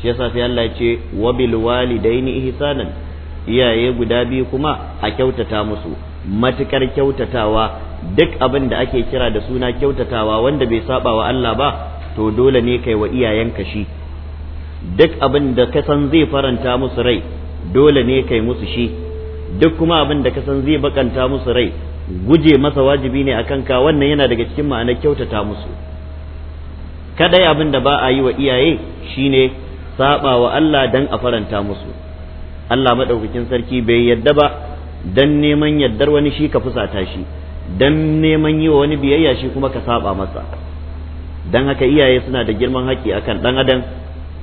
shi yasa sai Allah ya ce wa bil walidaini ihsanan iyaye guda biyu kuma a kyautata musu matukar kyautatawa duk abin da ake kira da suna kyautatawa wanda bai saba wa Allah ba to dole ne kai wa iyayenka shi duk abin da ka san zai faranta musu rai dole ne kai musu shi duk kuma abin da ka san zai bakanta musu rai guje masa wajibi ne akan ka wannan yana daga cikin ma'anar kyautata musu kadai abin da ba a yi wa iyaye shine saba wa Allah dan a faranta musu Allah madaukakin sarki bai yadda ba dan neman yaddar wani shi ka fusata shi dan neman yi wani biyayya shi kuma ka saba masa dan haka iyaye suna da girman haƙƙi akan ɗan adam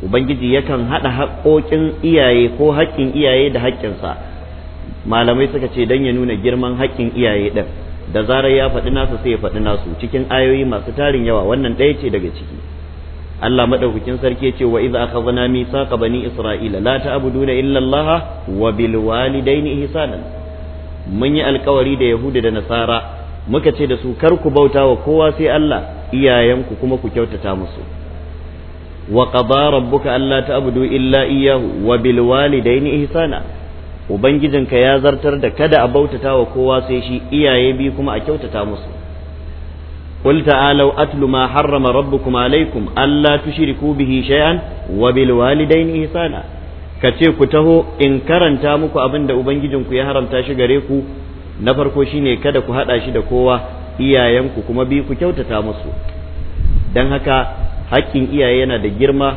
ubangiji yakan haɗa haƙoƙin iyaye ko haƙƙin iyaye da haƙƙinsa malamai suka ce dan ya nuna girman haƙƙin iyaye ɗin da zarar ya faɗi nasu sai ya faɗi nasu cikin ayoyi masu tarin yawa wannan ɗaya ce daga ciki Allah maɗaukakin sarki ce wa idza akhadna mithaqa bani isra'ila la ta'buduna illa Allah wa bil walidayni ihsanan mun yi alkawari da yahuda da nasara muka ce da su kar ku bauta wa kowa sai Allah iyayenku kuma ku kyautata musu wa qada rabbuka alla ta'budu illa iyyahu wa bil walidayni ihsana ubangijinka ya zartar da kada a bautata wa kowa sai shi iyaye bi kuma a kyautata musu قل تعالوا أتل ما حرم ربكم عليكم ألا تشركوا به شيئا وبالوالدين إحسانا kace ku taho in karanta muku abin da ubangijinku ya haramta shi gare ku na farko shine kada ku hada shi da kowa iyayenku kuma bi ku kyautata musu dan haka haƙƙin iyaye yana da girma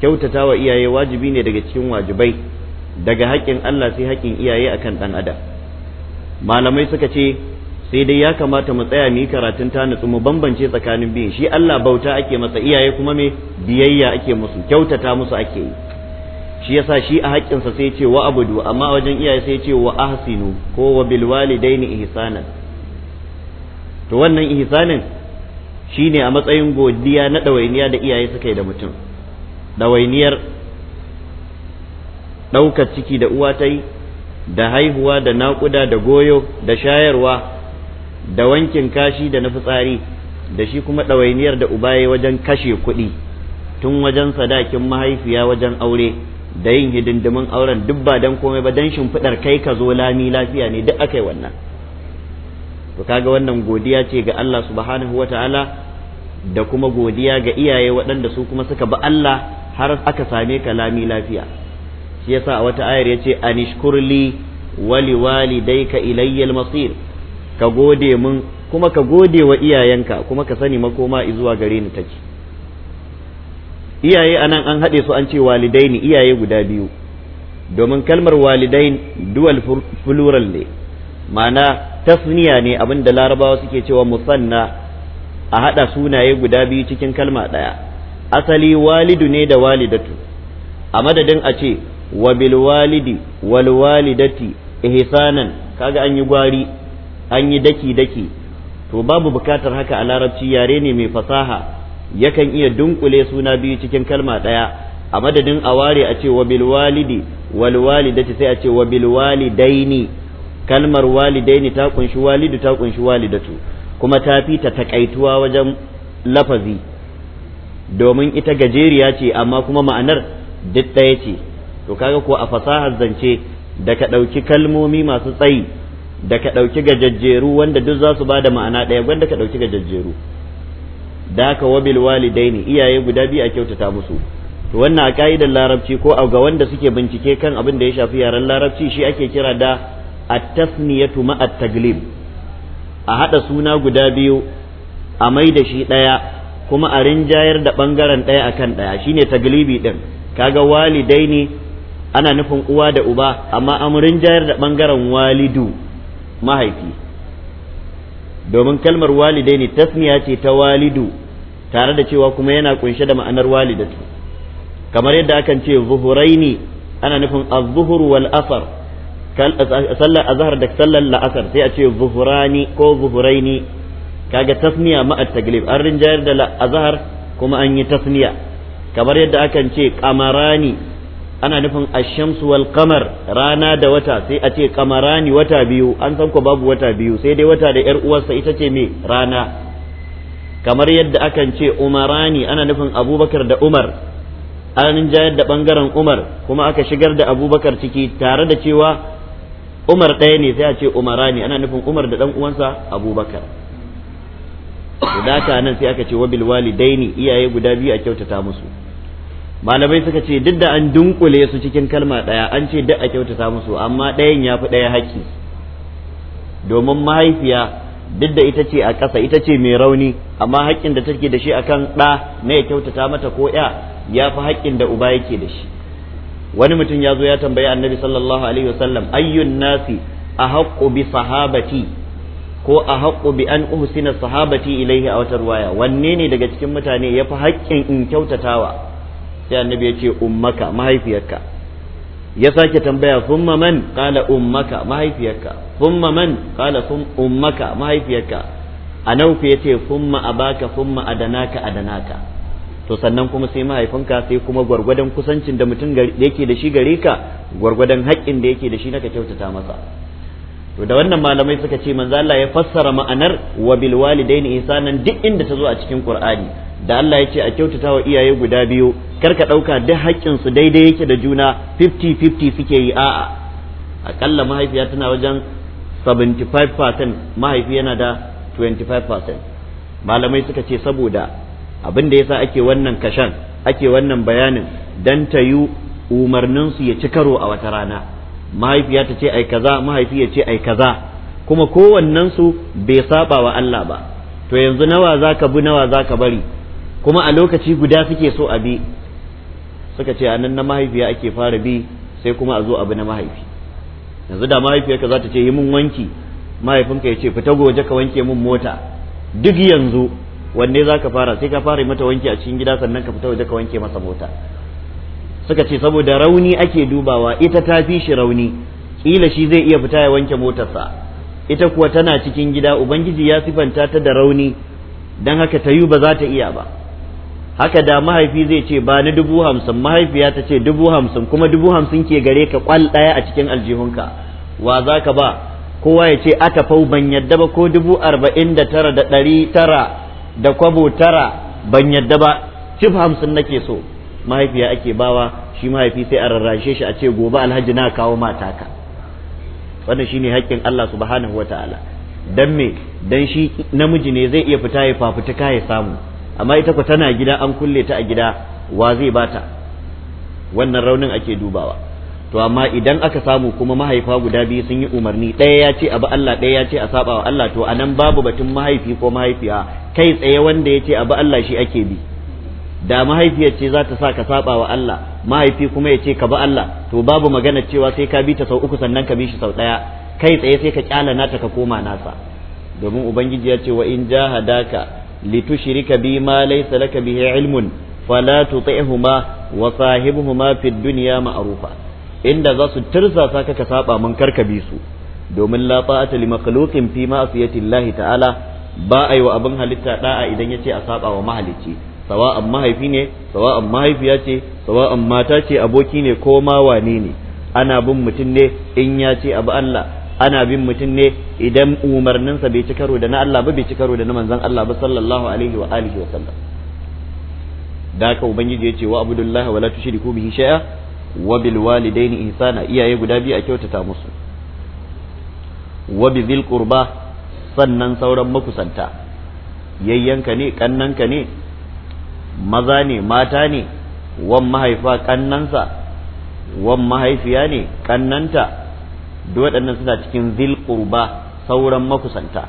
kyautata wa iyaye wajibi ne daga cikin wajibai daga haƙƙin Allah sai haƙƙin iyaye akan dan adam malamai suka ce sai dai ya kamata mu tsaya mu karatun ta nutsu mu bambance tsakanin biyun shi Allah bauta ake masa iyaye kuma me biyayya ake musu kyautata musu ake yi shi yasa shi a haƙƙinsa sai ce wa abudu amma wajen iyaye sai ce wa ahsinu ko wa bil walidaini ihsanan to wannan ihsanin shine a matsayin godiya na ɗawainiya da iyaye suka yi da mutum ɗawainiyar ɗaukar ciki da uwa ta yi da haihuwa da naƙuda da goyo da shayarwa da wankin kashi da na fitsari da shi kuma ɗawainiyar da uba ubaye wajen kashe kuɗi tun wajen sadakin mahaifiya wajen aure da yin hidindimin auren duk ba dan komai ba dan shimfiɗar kai ka zo lami lafiya ne duk yi wannan to kaga wannan godiya ce ga Allah subhanahu wata'ala da kuma godiya ga iyaye waɗanda su kuma suka bi Allah har aka same ka lami lafiya shi yasa a wata ayar yace anishkurli wali walidayka ilayyal masir ka gode mun kuma ka gode wa iyayenka kuma ka sani makoma izuwa gare ni take iyaye anan an haɗe su an ce walidai walidaini iyaye guda biyu domin kalmar walidai dual plural ne ma'ana tasniya ne abinda larabawa suke cewa musanna a haɗa sunaye guda biyu cikin kalma ɗaya asali walidu ne da walidatu a madadin a ce wa bil walidi wal walidati ihsanan kaga an yi gwari an yi daki daki to babu bukatar haka a larabci yare ne mai fasaha yakan iya dunkule suna biyu cikin kalma ɗaya a madadin a ware a ce wa bil walidi sai a ce wa walidaini kalmar walidaini ta kunshi walidu ta kunshi walidatu kuma ta fi ta takaituwa wajen lafazi domin ita gajeriya ce amma kuma ma'anar duk ɗaya ce to kaga ko a fasahar zance da ka ɗauki kalmomi masu tsayi da ka ɗauki gajajjeru wanda duk za su ba da ma'ana ɗaya wanda ka ɗauki gajajjeru da ka wabil walidaini iyaye guda biyu a kyautata musu to wannan a ka'idar larabci ko a ga wanda suke bincike kan abin da ya shafi yaren larabci shi ake kira da at-tasniyatu ma at-taglib a haɗa suna guda biyu a mai da shi ɗaya kuma a rinjayar da bangaren ɗaya akan ɗaya shine taglibi ɗin kaga walidaini ana nufin uwa da uba amma an rinjayar da bangaren walidu mahaifi domin kalmar walidai ne tasniya ce ta walidu tare da cewa kuma yana kunshe da ma'anar walidatu kamar yadda akan ce zuhuraini ana nufin az-zuhur wal asar sallar azhar da sallar la'asar sai a ce zuhurani ko zuhuraini kaga tasniya ma'a taglib an rinjayar da azhar kuma an yi tasniya kamar yadda akan ce qamarani ana nufin ashamsu wal kamar rana da wata sai a ce kamarani wata biyu an san ko babu wata biyu sai dai wata da yar uwarsa ita ce me rana kamar yadda akan ce umarani ana nufin abubakar da umar an ja yadda bangaren umar kuma aka shigar da abubakar ciki tare da cewa umar ɗaya ne sai a ce umarani ana nufin umar da ɗan uwansa abubakar da nan sai aka ce wabil walidaini iyaye guda biyu a kyautata musu malamai suka ce duk da an dunkule su cikin kalma ɗaya an ce duk a kyautata musu amma ɗayan ya fi ɗaya haƙƙi domin mahaifiya duk da ita ce a ƙasa ita ce mai rauni amma haƙƙin da take da shi akan ɗa na ya kyautata mata ko ya ya fi haƙƙin da uba yake da shi wani mutum ya zo ya tambayi annabi sallallahu alaihi wasallam ayyun nasi a haƙƙo bi sahabati ko a haƙƙo bi an uhsina sahabati ilaihi a wata ruwaya wanne ne daga cikin mutane ya fi haƙƙin in kyautatawa sai annabi ya ce ummaka mahaifiyarka ya sake tambaya thumma man qala ummaka mahaifiyarka thumma man qala ummaka mahaifiyarka anaufi ya ce thumma abaka thumma adanaka adanaka to sannan kuma sai mahaifinka sai kuma gwargwadon kusancin da mutum yake da shi gare ka gwargwadon haƙƙin da yake da shi naka kyautata masa to da wannan malamai suka ce manzo Allah ya fassara ma'anar wa bil walidaini ihsanan duk inda ta zo a cikin Qur'ani da Allah ya ce a kyautata wa iyaye guda biyu kar ka dauka duk haƙƙin su daidai yake da juna 50-50 suke yi a'a akalla mahaifiya tana wajen 75% mahaifi yana da 25% malamai suka ce saboda abin da yasa ake wannan kashan ake wannan bayanin dan ta yi umarninsu ya ci karo a wata rana mahaifiya ta ce ai kaza mahaifi ya ce ai kaza kuma kowannen su bai saba wa Allah ba to yanzu nawa zaka bi nawa zaka bari kuma a lokaci guda suke so a bi suka ce anan na mahaifiya ake fara bi sai kuma a zo abu na mahaifi yanzu da mahaifiyarka za ta ce yi mun wanki mahaifinka ya ce fita goje ka wanke mun mota duk yanzu wanne za fara sai ka fara mata wanki a cikin gida sannan ka fita waje ka wanke masa mota suka ce saboda rauni ake dubawa ita ta fi shi rauni kila shi zai iya fita ya wanke motarsa ita kuwa tana cikin gida ubangiji ya sifanta ta da rauni dan haka ta yi ba za ta iya ba haka da mahaifi zai ce ba ni dubu hamsin mahaifiya ta ce dubu hamsin kuma dubu hamsin ke gare ka kwal ɗaya a cikin aljihunka wa za ka ba kowa ya ce aka fau ban yadda ba ko dubu arba'in da tara da ɗari tara da kwabo tara ban yadda ba cif hamsin nake so mahaifiya ake bawa shi mahaifi sai a rarrashe shi a ce gobe alhaji na kawo mataka wannan shine haƙƙin Allah subhanahu wataala dan me dan shi namiji ne zai iya fita ya fafutuka ya samu amma ita ku tana gida an kulle ta a gida wa zai bata wannan raunin ake dubawa to amma idan aka samu kuma mahaifa guda biyu sun yi umarni ɗaya ya ce abu Allah ɗaya ya ce a saba wa Allah to anan babu batun mahaifi ko mahaifiya kai tsaye wanda ya ce abu Allah shi ake bi da mahaifiyar ce za ta sa ka saba wa Allah mahaifi kuma ya ce ka bi Allah to babu magana cewa sai ka bi ta sau uku sannan ka bi shi sau ɗaya kai tsaye sai ka kyala nata ka koma nasa domin ubangiji ya ce wa in jahadaka litushrika bi ma laysa laka bihi ilmun fala tuti'huma wa sahibuhuma fid dunya ma'rufa inda za su tirsasa ka ka saba mun karka bi su domin la ta'ata li makhluqin fi ma'siyati Allah ta'ala ba a yi wa abin halitta da'a idan ya ce a saba wa mahalicci sawa'an mahaifi ne sawa'an mahaifiya ce sawa'an mata ce aboki ne ko ma wane ne ana bin mutum ne in ya ce abu Allah ana bin mutum ne idan umarninsa bai ci karo da na Allah ba bai ci karo da na manzon Allah ba sallallahu alaihi wa alihi wa sallam da ka ubangiji ya ce wa abdullahi wala tushriku bihi shay'a wa bil walidaini ihsana iyaye guda biyu a kyautata musu wa bi dhil qurba sannan sauran makusanta yayyanka ne kannanka ne maza ne mata ne wan mahaifa kannansa wan mahaifiya ne kannanta duk waɗannan suna cikin zil qurba sauran makusanta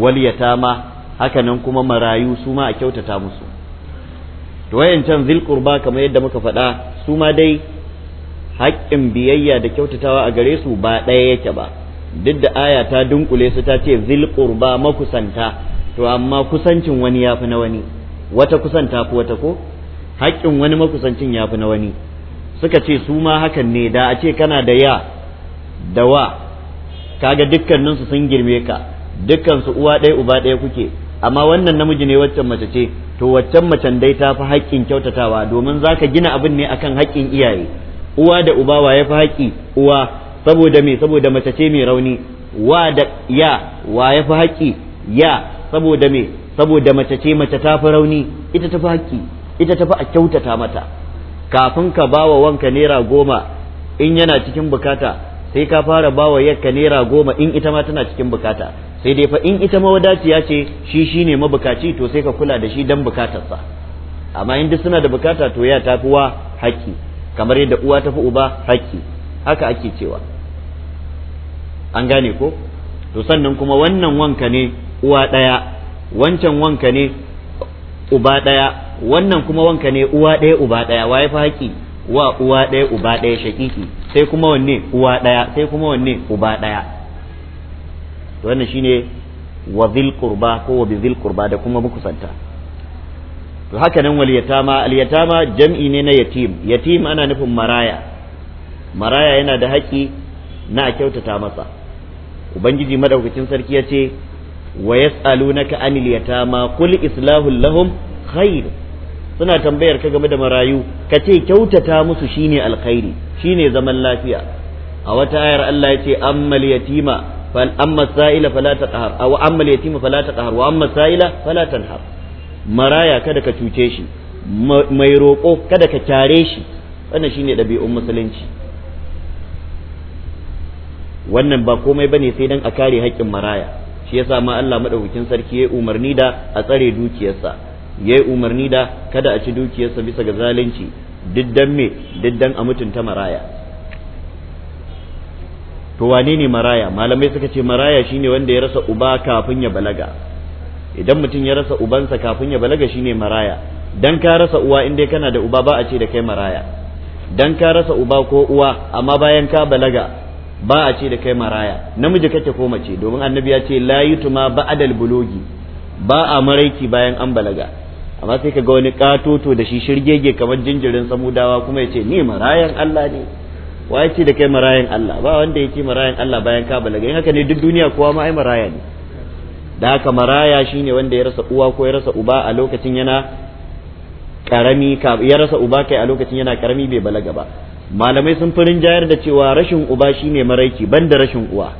wal yatama hakanan kuma marayu su ma a kyautata musu to wayancan zil qurba kamar yadda muka faɗa su ma dai haƙƙin biyayya da kyautatawa a gare su ba ɗaya yake ba duk da aya ta dunkule su ta ce zil qurba makusanta to amma kusancin wani yafi na wani wata kusanta fi wata ko haƙƙin wani makusancin yafi na wani suka ce su ma hakan ne da a ce kana da ya da wa kaga dukkaninsu sun girme ka dukkansu uwa ɗaya uba ɗaya kuke amma wannan namiji ne waccan mace ce to waccan macen dai ta fi haƙƙin kyautatawa domin za ka gina abin ne akan haƙƙin iyaye uwa da uba wa ya fi haƙƙi uwa saboda me saboda mace ce mai rauni wa da ya wa ya fi haƙƙi ya saboda me saboda mace ce mace ta fi rauni ita ta haki ita a kyautata mata kafin ka bawa wanka naira goma in yana cikin bukata sai ka fara bawa yakka naira goma in ita ma tana cikin bukata sai dai fa in ita ma mawadaciya ce shi shine mabukaci to sai ka kula da shi dan bukatarsa amma in duk suna da bukata to ya tafi wa haƙƙi kamar yadda uwa tafi uba haƙƙi haka ake cewa an gane ko to sannan kuma wannan wanka ne uwa ɗaya wancan wanka ne uba ɗaya wannan kuma wanka ne uwa ɗaya uba ɗaya waye fa haƙi wa uwa ɗaya uba ɗaya shaƙiƙi sai kuma wanne uwa ɗaya sai kuma wanne uba ɗaya wannan shine wa zil qurba ko wa bizil qurba da kuma makusanta to haka nan wal yatama al yatama jam'i ne na yatim yatim ana nufin maraya maraya yana da haƙi na a kyautata masa ubangiji madaukakin sarki ya ce wa yas'alunaka anil yatama qul islahul lahum khair suna tambayar ka game da marayu ka ce kyautata musu shine alkhairi shine zaman lafiya a wata ayar Allah ya ce ammal yatima fal amma sa'ila fala taqhar aw ammal yatima fala taqhar wa amma sa'ila fala tanhar maraya kada ka cuce shi mai roƙo kada ka tare shi wannan shine ɗabi'un musulunci wannan ba komai bane sai dan a kare haƙƙin maraya shi yasa ma Allah madaukakin sarki ya umarni da a tsare dukiyarsa ya umarni da kada a ci dukiyarsa bisa ga zalunci diddan me diddan a mutunta maraya to wane ne maraya malamai suka ce maraya shine wanda ya rasa uba kafin ya balaga idan mutum ya rasa ubansa kafin ya balaga shine maraya dan ka rasa uwa in dai kana da uba ba a ce da kai maraya dan ka rasa uba ko uwa amma bayan ka balaga ba a ce da kai maraya namiji kake ko mace domin annabi ya ce la yutuma ba'dal bulogi ba a maraiki bayan an balaga amma sai kaga wani katoto da shi shirgege kamar jinjirin samudawa kuma ya ce ni marayan Allah ne wa ya ce da kai marayan Allah ba wanda ya ce marayan Allah bayan ka balaga in haka ne duk duniya kowa ma ai maraya ne da haka maraya shine wanda ya rasa uwa ko ya rasa uba a lokacin yana karami ya rasa uba kai a lokacin yana karami bai balaga ba malamai sun fi rinjayar da cewa rashin uba shine ban da rashin uwa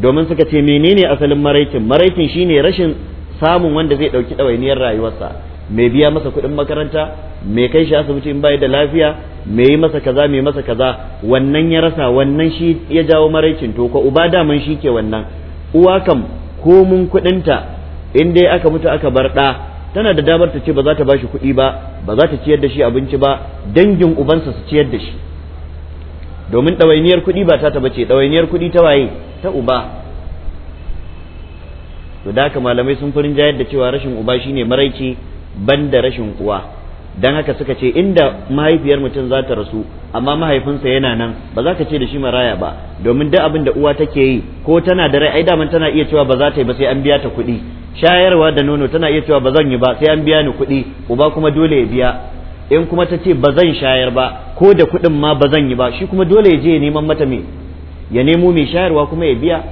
domin suka ce menene asalin maraikin maraikin shine rashin samun wanda zai ɗauki ɗawainiyar rayuwarsa mai biya masa kuɗin makaranta mai kai shi asibiti in bai da lafiya mai yi masa kaza mai masa kaza wannan ya rasa wannan shi ya jawo maraikin to ko uba daman shi ke wannan uwa kam komun kuɗinta in dai aka mutu aka bar ɗa tana da damar ta ce ba za ta bashi kuɗi ba ba za ta ciyar da shi abinci ba dangin ubansa su ciyar da shi domin ɗawainiyar kuɗi ba ta taba ce ɗawainiyar kuɗi ta waye ta uba to da haka malamai sun furin jayar da cewa rashin uba shine maraici banda rashin uwa dan haka suka ce inda mahaifiyar mutum za ta rasu amma mahaifinsa yana nan ba za ka ce da shi maraya ba domin duk abin da uwa take yi ko tana da rai ai daman tana iya cewa ba za ta yi ba sai an biya ta kuɗi shayarwa da nono tana iya cewa ba zan yi ba sai an biya ni kuɗi uba kuma dole ya biya in kuma ta ce ba zan shayar ba ko da kuɗin ma ba zan yi ba shi kuma dole ya je ya neman mata me ya nemo mai shayarwa kuma ya biya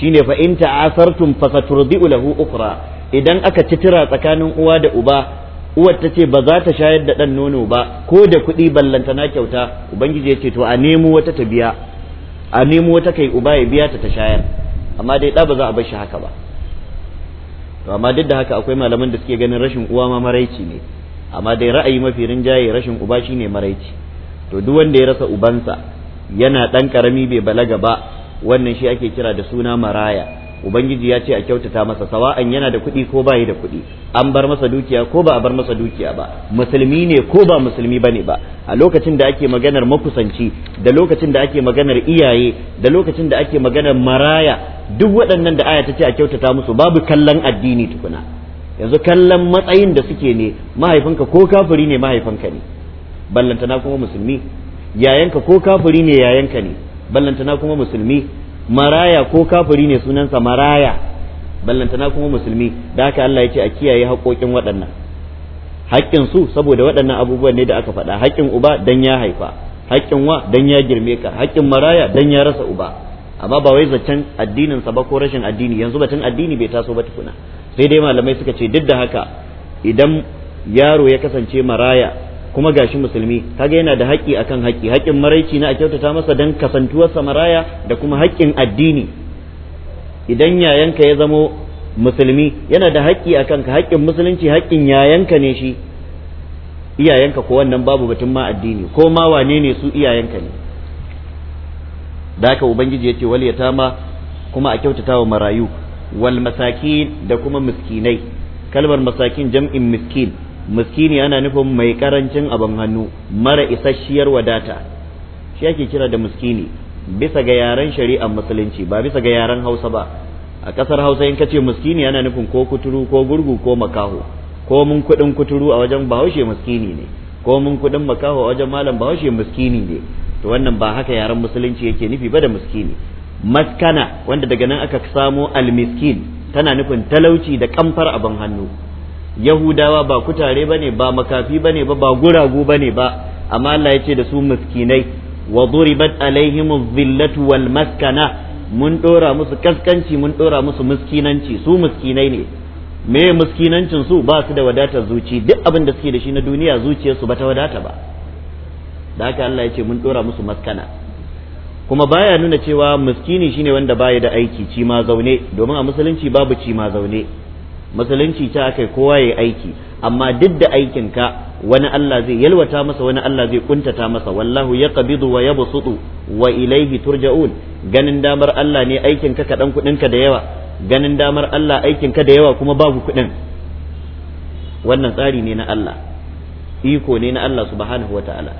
shine fa in ta'asartum saturdi'u lahu ukhra idan aka citira tsakanin uwa da uba uwar ta ce ba za ta shayar da dan nono ba ko da kuɗi na kyauta ubangiji ya ce to a nemo wata ta biya a nemo wata kai uba ya biya ta ta shayar amma dai ɗa ba za a bar shi haka ba to amma duk da haka akwai malaman da suke ganin rashin uwa ma maraici ne amma dai ra'ayi mafi rinjaye rashin uba shine maraici to duk wanda ya rasa ubansa yana dan karami bai balaga ba wannan shi ake kira da suna maraya ubangiji ya ce a kyautata masa sawa'an yana da kuɗi ko bayi da kuɗi an bar masa dukiya ko ba a bar masa dukiya ba musulmi ne ko ba musulmi bane ba a lokacin da ake maganar makusanci da lokacin da ake maganar iyaye da lokacin da ake maganar maraya duk waɗannan da aya ta ce a kyautata musu babu kallon addini tukuna yanzu kallon matsayin da suke ne mahaifinka ko kafiri ne mahaifinka ne ballantana kuma musulmi yayanka ko kafiri ne yayanka ne ballantana kuma musulmi maraya ko kafiri ne sunansa maraya ballantana kuma musulmi da haka Allah ya ce a kiyaye haƙoƙin waɗannan haƙƙin su saboda waɗannan abubuwan ne da aka faɗa haƙƙin uba dan ya haifa haƙƙin wa dan ya girme ka haƙƙin maraya dan ya rasa uba amma ba wai zaccen addinin sa ba ko rashin addini yanzu batun addini bai taso ba tukuna sai dai malamai suka ce duk da haka idan yaro ya kasance maraya kuma gashi musulmi kaga yana da haƙƙi akan haƙƙi haƙƙin maraici na a kyautata masa dan kasantuwar samaraya da kuma haƙƙin addini idan yayanka ya zamo musulmi yana da haƙƙi akan ka haƙƙin musulunci haƙƙin yayanka ne shi iyayenka ko wannan babu batun ma addini ko ma wane ne su iyayenka ne da haka ubangiji yace wal yatama kuma a kyautata wa marayu wal masakin da kuma miskinai kalmar masakin jam'in miskin miskini ana nufin mai karancin abin hannu mara isasshiyar wadata shi ake kira da miskini bisa ga yaren shari'ar musulunci ba bisa ga yaren hausa ba a kasar hausa in kace miskini ana nufin ko kuturu ko gurgu ko makaho ko mun kudin kuturu a wajen bahaushe miskini ne ko mun kudin makaho a wajen malam bahaushe miskini ne to wannan ba haka yaren musulunci yake nufi ba da miskini maskana wanda daga nan aka samo almiskin tana nufin talauci da kamfar abin hannu yahudawa ba kutare ba ne ba makafi ne ba ba guragu ba ne ba amma Allah ya ce da su muskinai wa duribat alaihimu zillatu wal maskana mun dora musu kaskanci mun dora musu miskinanci su miskinai ne me miskinancin su ba su da wadatar zuci duk abin da suke da shi na duniya zuciyarsu ba ta wadata ba da haka Allah ya ce mun dora musu maskana kuma baya nuna cewa miskini shine wanda baya da aiki cima zaune domin a musulunci babu cima zaune musulunci ta akai kowa yayi aiki amma duk da aikin ka wani Allah zai yalwata masa wani Allah zai kuntata masa wallahu yaqbidu wa yabsutu wa ilayhi turja'un ganin damar Allah ne aikin ka kadan kudin ka da yawa ganin damar Allah aikin ka da yawa kuma babu kudin wannan tsari ne na Allah iko ne na Allah subhanahu wataala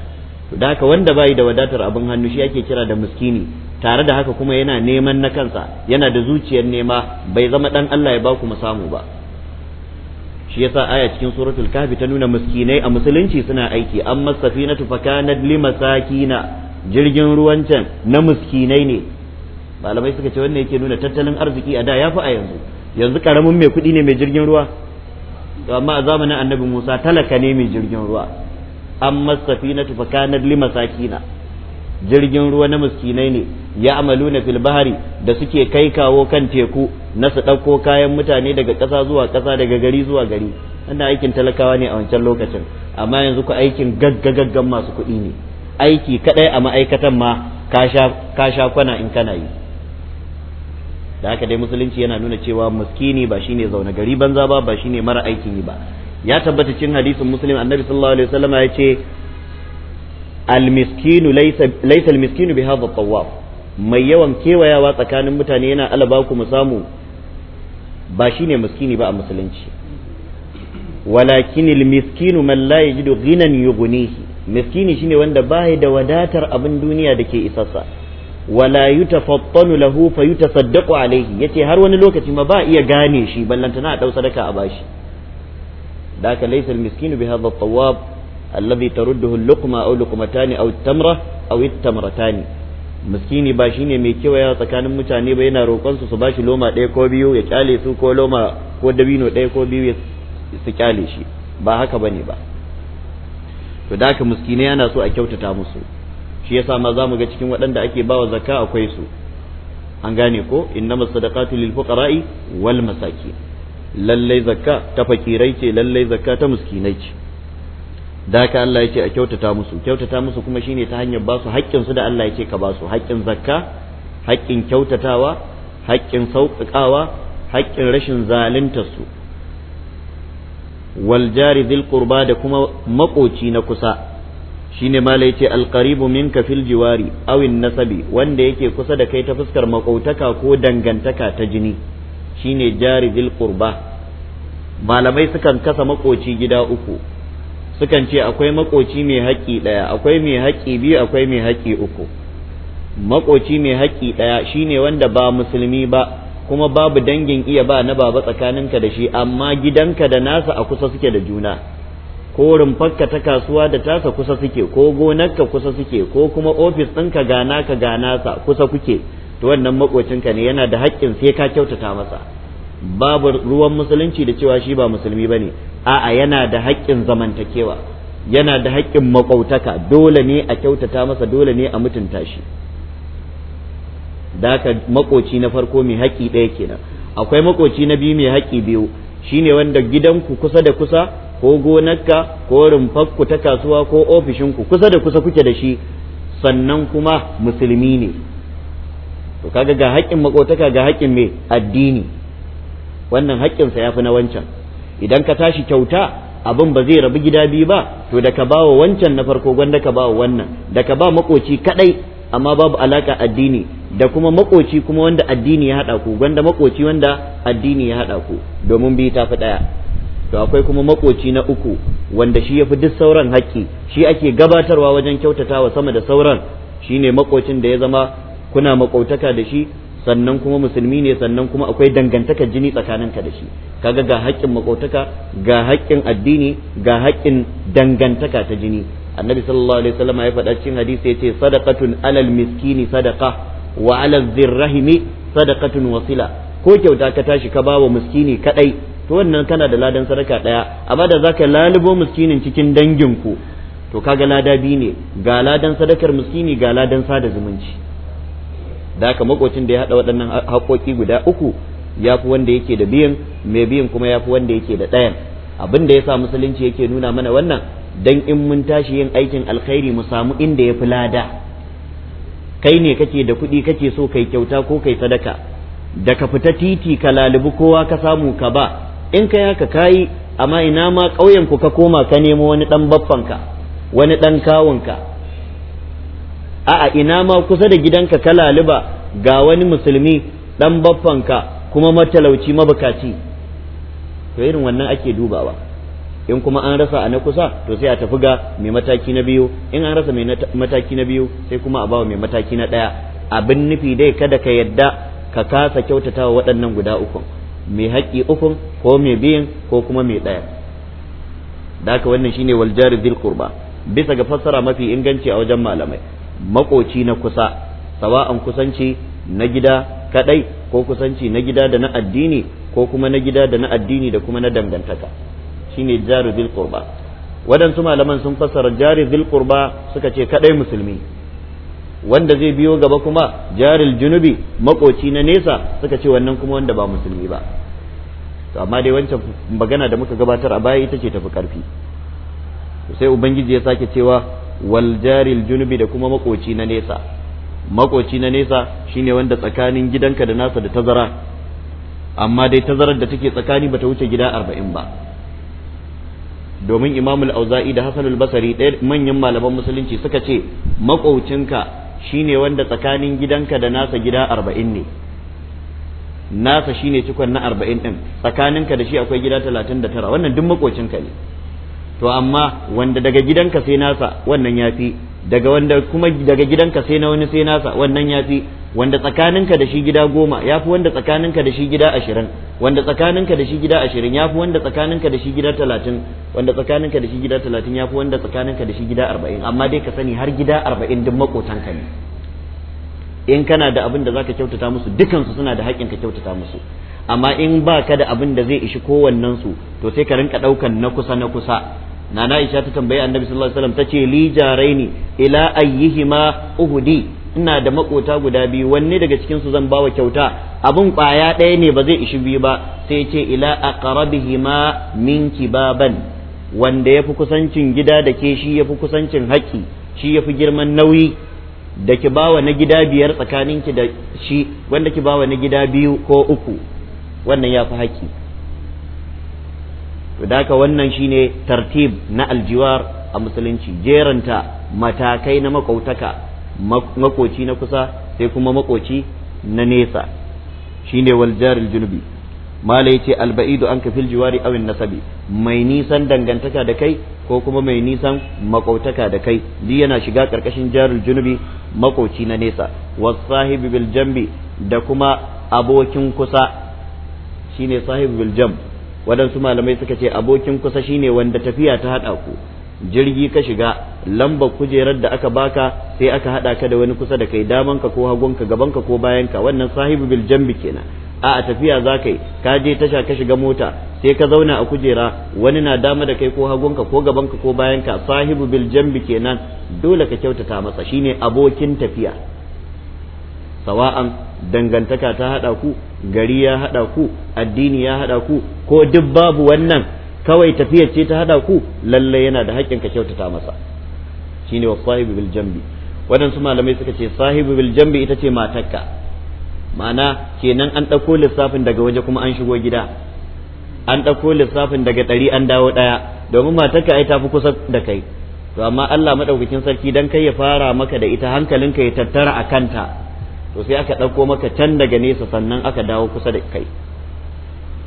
to da haka wanda bai da wadatar abin hannu shi ake kira da miskini tare da haka kuma yana neman na kansa yana da zuciyar nema bai zama dan Allah ya baku mu samu ba shi yasa aya cikin suratul kahfi ta nuna miskinai a musulunci suna aiki amma safinatu fakanat limasakina jirgin ruwan can na miskinai ne malamai suka ce wannan yake nuna tattalin arziki a da ya fi a yanzu yanzu karamin mai kuɗi ne mai jirgin ruwa amma a zamanin annabi Musa talaka ne mai jirgin ruwa amma safinatu fakanat limasakina jirgin ruwa na miskinai ne ya amaluna fil bahari da suke kai kawo kan teku na su ɗauko kayan mutane daga ƙasa zuwa ƙasa daga gari zuwa gari wannan aikin talakawa ne a wancan lokacin amma yanzu ku aikin gaggagaggan masu kuɗi ne aiki kaɗai a ma'aikatan ma ka sha kwana in kana yi da haka dai musulunci yana nuna cewa muskini ba shine zaune gari banza ba ba shine mara aikin yi ba ya tabbata cin hadisin muslim annabi sallallahu alaihi wasallam ya ce al miskinu laysa al miskinu bi hadha mai yawan kewayawa tsakanin mutane yana alaba ku mu samu ba shine miskini ba a musulunci walakin miskinu man la yajidu ghinan yughnihi miskini shine wanda baya da wadatar abin duniya da ke isassa wala yutafattanu lahu fa yutasaddaqu alayhi yace har wani lokaci ma ba iya gane shi ballantana a dau sadaka a bashi daka laysa almiskinu bi hadha at-tawwab alladhi tarudduhu al-luqma aw luqmatani aw tamra aw at-tamratani miskini ba shi ne mai kewaya tsakanin mutane ba yana roƙon su su shi loma ɗaya ko biyu ya kyale su ko loma ko dabino ɗaya ko biyu su kyale shi ba haka ba ne ba to da haka miskinai ana so a kyautata musu shi yasa ma za mu ga cikin waɗanda ake bawa zakka akwai su an gane ko inna sadaqatu lil fuqara'i wal masakin lallai zakka ta fakirai ce lallai zakka ta miskinai ce da ka Allah ya a kyautata musu kyautata musu kuma shine ta hanyar basu haƙƙin su da Allah ya ce ka su haƙƙin zakka haƙƙin kyautatawa haƙƙin sauƙaƙawa haƙƙin rashin zaluntar su wal jari dhil qurba da kuma makoci na kusa shine mala yace al qaribu minka fil jiwari aw in nasabi wanda yake kusa da kai ta fuskar makautaka ko dangantaka ta jini shine jari dhil qurba malamai sukan kasa makoci gida uku sukan ce akwai makoci mai haƙƙi ɗaya akwai mai haƙƙi biyu akwai mai haƙƙi uku makoci mai haƙƙi ɗaya shine wanda ba musulmi ba kuma babu dangin iya ba na baba tsakaninka da shi amma gidanka da nasa a kusa suke da juna ko rumfarka ta kasuwa da tasa kusa suke ko gonarka kusa suke ko kuma ofis ɗinka gana ka gana sa kusa kuke to wannan makocinka ne yana da haƙƙin sai ka kyautata masa babu ruwan musulunci da cewa shi ba musulmi ba ne. a'a yana da haƙƙin zamantakewa yana da haƙƙin maƙwautaka dole ne a kyautata masa dole ne a mutunta shi da haka makoci na farko mai haƙƙi ɗaya kenan akwai makoci na biyu mai haƙƙi biyu shine wanda gidanku kusa da kusa ko gonarka ko rumfarku ta kasuwa ko ofishinku kusa da kusa kuke da shi sannan kuma musulmi ne to kaga ga haƙƙin makotaka ga haƙƙin mai addini wannan haƙƙinsa ya fi na wancan idan ka tashi kyauta abin ba zai rabu gida biyu ba to da ka bawa wancan na farko gwanda ka ba wa wannan da ka ba makoci kadai amma babu alaka addini da kuma makoci kuma wanda addini ya hada ku gwanda makoci wanda addini ya hada ku domin biyu ta fi daya to akwai kuma makoci na uku wanda shi yafi duk sauran haƙƙi shi ake gabatarwa wajen kyautatawa sama da sauran shine makocin da ya zama kuna makautaka da shi sannan kuma musulmi ne sannan kuma akwai dangantakar jini tsakaninka da shi kaga ga haƙƙin makotaka ga haƙƙin addini ga haƙƙin dangantaka ta jini annabi sallallahu alaihi wasallam ya faɗa cikin hadisi yace sadaqatun alal miskini sadaqa wa alal zirrahimi sadaqatun wasila ko kyauta ka tashi ka bawa miskini kadai to wannan kana da ladan sadaka daya amma da zaka lalubo miskinin cikin danginku to kaga lada bi ne ga ladan sadakar miskini ga ladan sada zumunci da haka makocin da ya hada waɗannan haƙoƙi guda uku ya fi wanda yake da biyan mai biyan kuma ya fi wanda yake da ɗayan abin da ya sa musulunci yake nuna mana wannan dan in mun tashi yin aikin alkhairi mu samu inda ya fi lada kai ne kake da kuɗi kake so kai kyauta ko kai sadaka da ka fita titi ka lalubi kowa ka samu ka ba in kai haka kayi amma ina ma ƙauyen ku ka koma ka nemo wani ɗan baffanka wani ɗan kawunka a'a ina ma kusa da gidanka ka laliba ga wani musulmi dan baffanka kuma matalauci mabukaci to irin wannan ake dubawa in kuma an rasa a na kusa to sai a tafi ga mai mataki na biyu in an rasa mai mataki na biyu sai kuma a bawa mai mataki na ɗaya abin nufi dai kada ka yadda ka kasa kyautatawa waɗannan guda uku mai haƙƙi uku ko mai biyin ko kuma mai ɗaya da haka wannan shine waljari zil qurba bisa ga fassara mafi inganci a wajen malamai makoci na kusa sawa'an kusanci na gida kaɗai ko kusanci na gida da na addini ko kuma na gida da na addini da kuma na dangantaka shine jaru zil qurba waɗansu malaman sun fassara jari zilƙurba qurba suka ce kadai musulmi wanda zai biyo gaba kuma jaril junubi maƙoci na nesa suka ce wannan kuma wanda ba musulmi ba to amma dai wancan magana da muka gabatar a baya ita ce tafi karfi sai ubangiji ya sake cewa wal jaril junubi da kuma makoci na nesa makoci na nesa shine wanda tsakanin gidanka da nasa da tazara amma dai tazarar da take tsakani bata wuce gida arba'in ba domin imamul auza'i da hasanul basari ɗaya manyan malaman musulunci suka ce makocinka shine wanda tsakanin gidanka da nasa gida arba'in ne nasa shine cikon na arba'in ɗin tsakaninka da shi akwai gida talatin da tara wannan duk makocinka ne to amma wanda daga gidanka sai nasa wannan ya fi daga wanda kuma daga gidanka sai na wani sai nasa wannan ya fi wanda tsakaninka da shi gida goma yafi wanda tsakaninka da shi gida ashirin wanda tsakaninka da shi gida ashirin yafi wanda tsakaninka da shi gida talatin wanda tsakaninka da shi gida talatin yafi wanda tsakaninka da shi gida arba'in amma dai ka sani har gida arba'in duk makotanka ne in kana da abin da zaka kyautata musu dukansu suna da haƙƙin ka kyautata musu amma in ba ka da abin da zai ishi kowannensu to sai ka rinka ɗaukan na kusa na kusa nana Aisha ta tambayi Annabi sallallahu alaihi wasallam tace li jaraini ila ayyihima uhudi ina da makota guda biyu wanne daga cikin su zan bawa kyauta abun baya ɗaya ne ba zai ishi biyu ba sai ce ila aqrabihima minki baban wanda yafi kusancin gida da ke shi yafi kusancin haƙi shi yafi girman nauyi da ki bawa na gida biyar tsakaninki da shi wanda ki bawa na gida biyu ko uku wannan yafi haƙi to daka wannan shine tartib na aljiwar a musulunci jeranta matakai na makautaka makoci na kusa sai kuma makoci na nesa shine wal jaril junubi mala ce albaidu an kafil jiwari awin nasabi mai nisan dangantaka da kai ko kuma mai nisan makautaka da kai li yana shiga karkashin jaril junubi makoci na nesa wasahibi bil da kuma abokin kusa shine sahibi bil waɗansu malamai suka ce abokin kusa shine wanda tafiya ta haɗa ku jirgi ka shiga lambar kujerar da aka baka sai aka haɗa ka da wani kusa da kai daman ka ko hagun ka gaban ka ko bayan ka wannan sahibu bil jambi kenan a a tafiya za ka yi ka je tasha ka shiga mota sai ka zauna a kujera wani na dama da kai ko hagun ka ko gaban ka ko bayan ka sahibu bil jambi kenan dole ka kyautata masa shine abokin tafiya sawa'an dangantaka ta haɗa ku gari ya haɗa ku addini ya haɗa ku ko duk babu wannan kawai tafiyar ce ta hada ku lalle yana da haƙƙin ka kyautata masa shine wa sahibi bil jambi waɗansu malamai suka ce sahibi bil jambi ita ce matakka ma'ana kenan an ɗauko lissafin daga waje kuma an shigo gida an ɗauko lissafin daga ɗari an dawo ɗaya domin matakka ai tafi kusa da kai to amma Allah madaukakin sarki dan kai ya fara maka da ita hankalinka ya tattara a kanta to sai aka ɗauko maka can daga nesa sannan aka dawo kusa da kai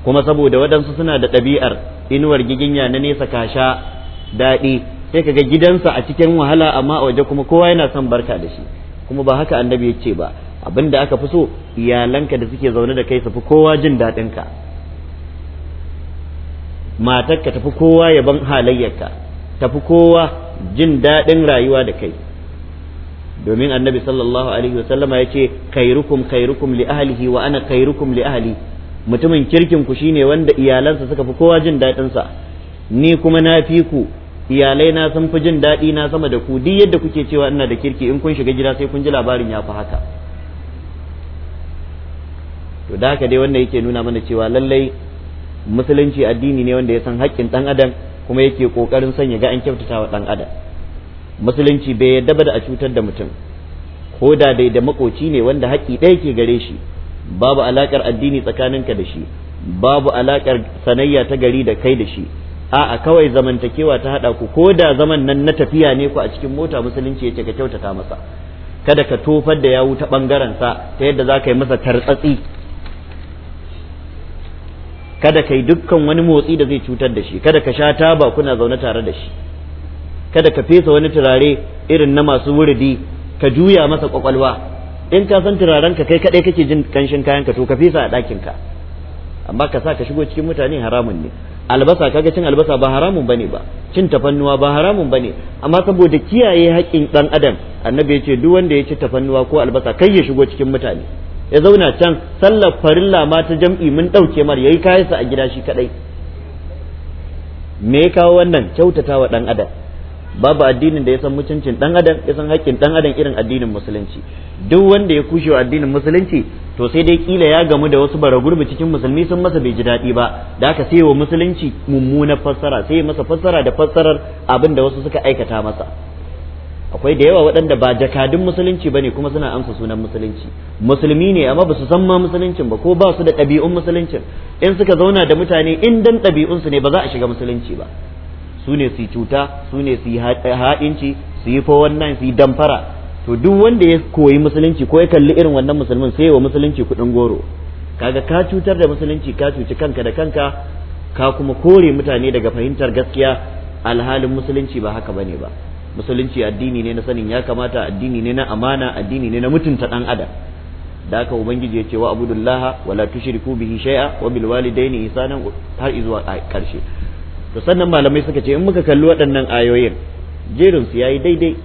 kuma saboda waɗansu suna da ɗabi'ar inuwar giginya na nesa ka sha daɗi sai ka ga gidansa a cikin wahala amma a waje kuma kowa yana son barka da shi kuma ba haka annabi ya ce ba abinda aka fi so iyalanka da suke zaune da kai su fi kowa jin daɗinka matarka tafi kowa yaban halayyarka tafi kowa jin daɗin rayuwa da kai domin annabi sallallahu alaihi wasallama ya ce kairukum kairukum li ahlihi wa ana kairukum li ahli mutumin kirkin ku shine wanda iyalansa suka fi kowa jin daɗin sa ni kuma na fi ku iyalai na sun fi jin daɗi na sama da ku duk yadda kuke cewa ina da kirki in kun shiga gida sai kun ji labarin ya fi haka to da haka dai wanda yake nuna mana cewa lallai musulunci addini ne wanda ya san haƙƙin ɗan adam kuma yake ƙoƙarin sanya ga an kyautata wa ɗan adam musulunci bai yadda ba da a cutar da mutum ko da dai da makoci ne wanda haƙƙi ɗaya ke gare shi babu alaƙar addini tsakaninka da shi babu alaƙar sanayya ta gari da kai da shi a'a kawai zamantakewa ta haɗa ku ko da zaman nan na tafiya ne ku a cikin mota musulunci ya ce ka kyautata masa kada ka tofar da yawu ta ɓangaren sa ta yadda za ka yi masa tartsatsi kada ka yi dukkan wani motsi da zai cutar da shi kada ka sha taba kuna zaune tare da shi kada ka fesa wani turare irin na masu wuridi ka juya masa kwakwalwa in ka san turaren ka kai kadai kake jin kanshin kayan ka to ka fesa a ɗakin ka amma ka sa ka shigo cikin mutane haramun ne albasa kaga cin albasa ba haramun bane ba cin tafannuwa ba haramun bane amma saboda kiyaye haƙƙin ɗan adam annabi ya ce duk wanda ya ci tafannuwa ko albasa kai ya shigo cikin mutane ya zauna can sallar farilla ma ta jam'i mun ɗauke mar yayi kayansa a gida shi kadai me ya kawo wannan kyautatawa ɗan adam babu addinin da ya san mutuncin dan adam ya san haƙƙin dan adam irin addinin musulunci duk wanda ya kushe addinin musulunci to sai dai kila ya gamu da wasu baragurbi cikin musulmi sun masa bai ji daɗi ba da aka sai wa musulunci mummunar fassara sai masa fassara da fassarar abin da wasu suka aikata masa akwai da yawa waɗanda ba jakadun musulunci bane kuma suna amsa sunan musulunci musulmi ne amma ba su san ma musuluncin ba ko ba su da ɗabi'un musuluncin in suka zauna da mutane in dan ɗabi'unsu ne ba za a shiga musulunci ba su ne su cuta su ne su yi eh, ha'inci su yi wannan su yi damfara to duk wanda ya koyi musulunci ko ya kalli irin wannan musulmin sai wa musulunci kuɗin goro kaga ka cutar da musulunci ka cuci kanka da kanka ka kuma kore mutane daga fahimtar gaskiya alhalin musulunci ba haka bane ba musulunci addini ne na sanin ya kamata addini ne na amana addini ne na mutunta dan adam da haka ubangiji ya ce wa abudullah wala tushriku bihi shay'a wa bil walidaini ihsanan har izuwa karshe to sannan malamai suka ce in muka kalli waɗannan ayoyin jerin su yayi daidai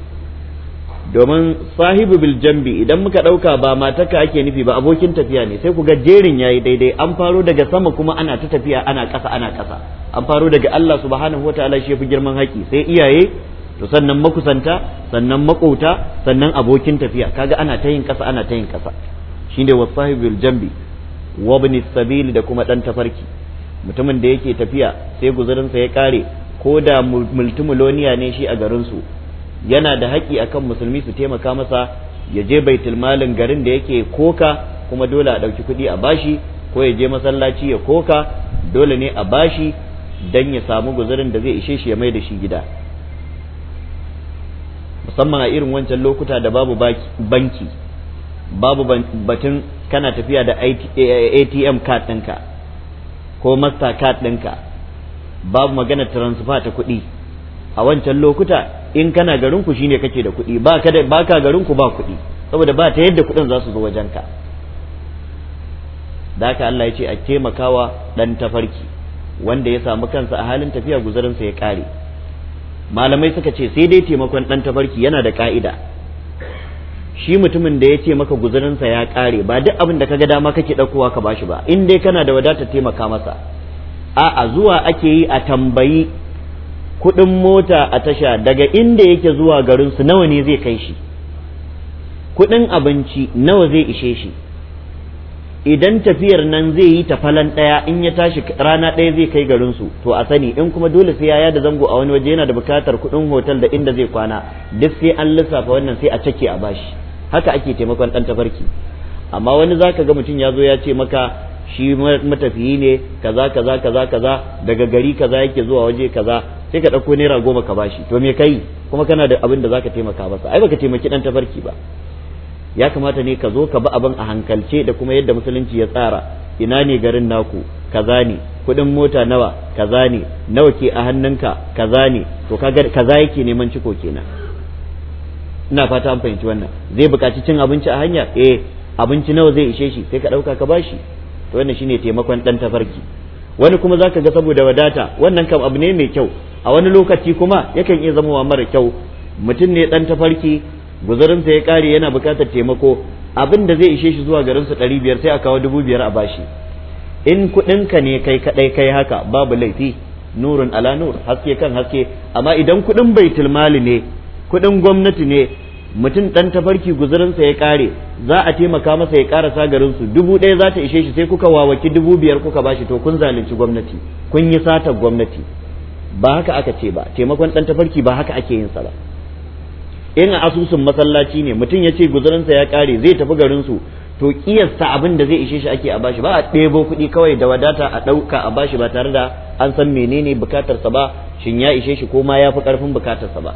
domin sahibu bil jambi idan muka ɗauka ba mataka ake nufi ba abokin tafiya ne sai ku ga jerin yayi daidai an faro daga sama kuma ana ta tafiya ana ƙasa ana ƙasa an faro daga Allah subhanahu wataala shi fi girman haƙi sai iyaye to sannan makusanta sannan makota sannan abokin tafiya kaga ana ta yin ƙasa ana ta yin ƙasa shine wasahibul jambi wa ibn sabil da kuma dan tafarki mutumin da yake tafiya sai guzurinsa ya kare ko da multimiloniya ne shi a garinsu yana da haƙi akan musulmi su taimaka masa ya je baitul malin garin da yake koka kuma dole a ɗauki kuɗi a bashi ko ya je masallaci ya koka dole ne a bashi don ya samu guzurin da zai ishe shi ya mai da shi gida musamman a irin wancan lokuta da babu banki babu batun kana tafiya da ATM card ɗinka ko mastercard ɗinka babu magana transfer ta kuɗi a wancan lokuta in kana garinku shine kake da kuɗi ba ka ba ka garinku ba kuɗi saboda ba ta yadda kuɗin za su zo wajenka da haka Allah ya ce a taimakawa ɗan tafarki wanda ya samu kansa a halin tafiya sa ya ƙare malamai suka ce sai dai taimakon ɗan tafarki yana da ƙa'ida shi mutumin da ya ce maka guzurinsa ya ƙare ba duk abin da ka kaga dama kake ɗaukowa ka bashi ba in dai kana da wadatar taimaka masa a'a zuwa ake yi a tambayi kuɗin mota a tasha daga inda yake zuwa garinsu nawa ne zai kai shi kuɗin abinci nawa zai ishe shi idan tafiyar nan zai yi ta falan ɗaya in ya tashi rana ɗaya zai kai garinsu to a sani in kuma dole sai ya da zango a wani waje yana da bukatar kuɗin hotel da inda zai kwana duk sai an lissafa wannan sai a cake a bashi haka ake taimakon ɗan tafarki amma wani zaka ga mutum ya zo ya ce maka shi matafiyi ne kaza kaza kaza kaza daga gari kaza yake zuwa waje kaza sai ka ɗauko naira goma ka bashi to me kai kuma kana da abin da zaka taimaka masa ai baka taimaki ɗan tafarki ba ya kamata ne ka zo ka bi abin a hankalce da kuma yadda musulunci ya tsara ina ne garin naku kaza ne kudin mota nawa kaza ne nawa ke a hannunka kaza ne to kaga kaza yake neman ciko kenan ina fata an fahimci wannan zai buƙaci cin abinci a hanya eh abinci nawa zai ishe shi sai ka ɗauka ka bashi to wannan shine taimakon ɗan tafarki wani kuma zaka ga saboda wadata wannan kam abu ne mai kyau a wani lokaci kuma yakan iya zama mara kyau mutum ne ɗan tafarki guzurinsa ya kare yana bukatar taimako abin da zai ishe shi zuwa garinsu ɗari biyar sai a kawo dubu biyar a bashi in kuɗinka ne kai kaɗai kai haka babu laifi nurun ala nur haske kan haske amma idan kuɗin baitul mali ne kuɗin gwamnati ne mutum ɗan tafarki guzurinsa ya kare za a taimaka masa ya sa garinsu dubu ɗaya za ta ishe shi sai kuka wawaki dubu biyar kuka bashi to kun zalunci gwamnati kun yi satar gwamnati ba haka aka ce ba taimakon ɗan tafarki ba haka ake yin sa ba in a asusun masallaci ne mutum ya ce guzurinsa ya kare zai tafi garinsu to kiyasta abin da zai ishe shi ake a bashi ba a ɗebo kuɗi kawai da wadata a ɗauka a bashi ba tare da an san menene bukatarsa ba shin ya ishe shi ko ma ya fi ƙarfin bukatarsa ba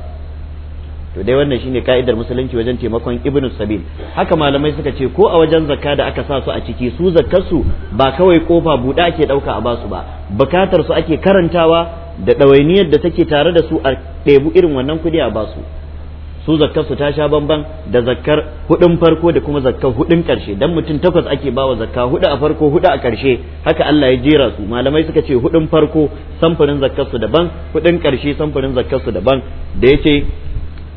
to dai wannan shine ka'idar musulunci wajen taimakon ibnu sabil haka malamai suka ce ko a wajen zakka da aka sa su a ciki su zakkarsu ba kawai kofa buɗe ake ɗauka a basu ba bukatarsu ake karantawa da ɗawainiyar da take tare da su a ɗebu irin wannan kuɗi a basu su zakkar ta sha bamban da zakkar hudun farko da kuma zakkar hudun karshe dan mutum takwas ake bawa zakka hudu a farko hudu a karshe haka Allah ya jera su malamai suka ce hudun farko samfurin zakkarsu daban hudun karshe samfurin zakkar daban da yace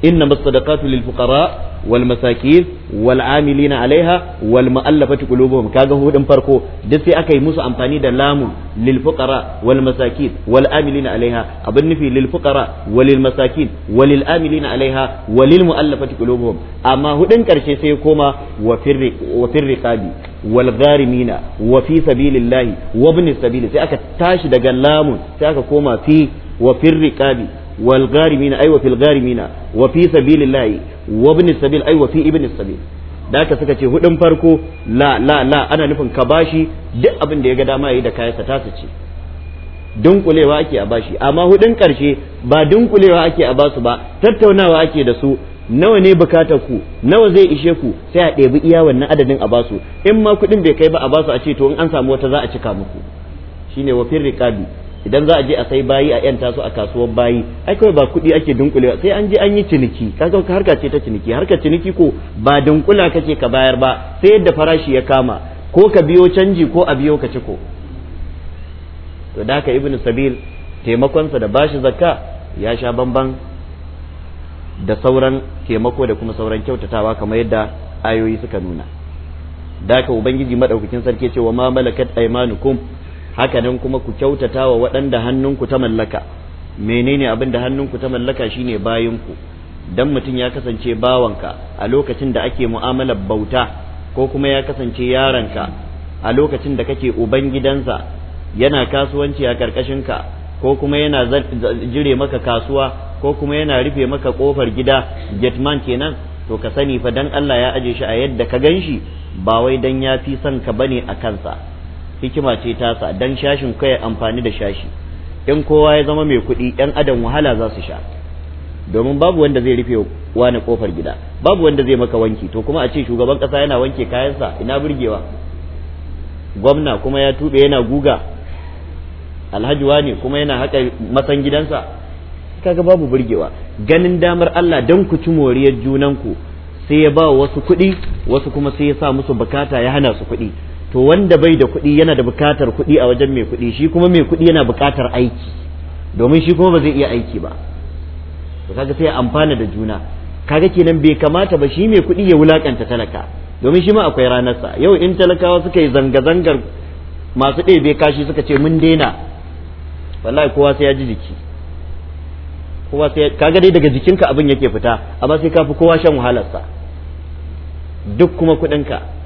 إنما الصدقات للفقراء والمساكين والعاملين عليها والمؤلفة قلوبهم كاغا هو دن فرقو دسي أكي موسى أمفاني دا لام للفقراء والمساكين والعاملين عليها أبن في للفقراء وللمساكين وللعاملين عليها وللمؤلفة قلوبهم أما هو دن كرشي سيكوما وفي وفي الرقاب والغارمين وفي سبيل الله وابن السبيل سيأكا تاش دا لام سيأكا كوما في وفي الرقاب wal gharimina ay wa fil gharimina wa fi sabilillahi da haka suka ce hudun farko la la la ana nufin ka bashi duk abin da ya ga dama yi da kayansa tasa ce dunkulewa ake a bashi amma hudun karshe ba dunkulewa ake a basu ba tattaunawa ake da su nawa ne bukatar ku nawa zai ishe ku sai a ɗebi iya wannan adadin a basu in ma kuɗin bai kai ba a basu a ce to in an samu wata za a cika muku shine wafin riqabi idan za a je a sai bayi a yanta su a kasuwar bayi ai kawai ba kuɗi ake dunkulewa sai an je an yi ciniki kaga harka ce ta ciniki harka ciniki ko ba dunkula kake ka bayar ba sai yadda farashi ya kama ko ka biyo canji ko a biyo ka ciko to da haka ibnu sabil taimakonsa da bashi zakka ya sha bamban da sauran taimako da kuma sauran kyautatawa kamar yadda ayoyi suka nuna da haka ubangiji madaukakin sarki ce wa ma malakat aymanukum haka nan kuma ku kyautata wa waɗanda hannunku ta mallaka menene abin da hannunku ta mallaka shine ku dan mutum ya kasance bawanka a lokacin da ake mu'amalar bauta ko kuma ya kasance ka a lokacin da kake uban gidansa yana kasuwanci a ka ko kuma yana jire maka kasuwa ko kuma yana rufe maka kofar gida man kenan to ka sani fa dan Allah ya aje shi a yadda ka ganshi ba wai dan ya fi son ka bane a kansa hikima ce tasa dan shashin kai amfani da shashi in kowa ya zama mai kuɗi yan adam wahala za su sha domin babu wanda zai rufe wani kofar gida babu wanda zai maka wanki to kuma a ce shugaban kasa yana wanke kayansa ina burgewa gwamna kuma ya tube yana guga alhajiwa ne kuma yana haka masan gidansa kaga babu burgewa ganin damar Allah dan ku ci moriyar junanku sai ya ba wasu kuɗi wasu kuma sai ya sa musu bukata ya hana su kuɗi to wanda bai da kuɗi yana da buƙatar kuɗi a wajen mai kuɗi shi kuma mai kuɗi yana buƙatar aiki domin shi kuma ba zai iya aiki ba to kaga sai amfana da juna kaga kenan bai kamata ba shi mai kuɗi ya wulakanta talaka domin shi ma akwai ranarsa yau in talakawa suka yi zanga-zangar masu ɗebe kashi suka ce mun daina wallahi kowa sai ya ji jiki kowa sai kaga dai daga jikinka abin yake fita amma sai ka fi kowa shan wahalarsa duk kuma kuɗinka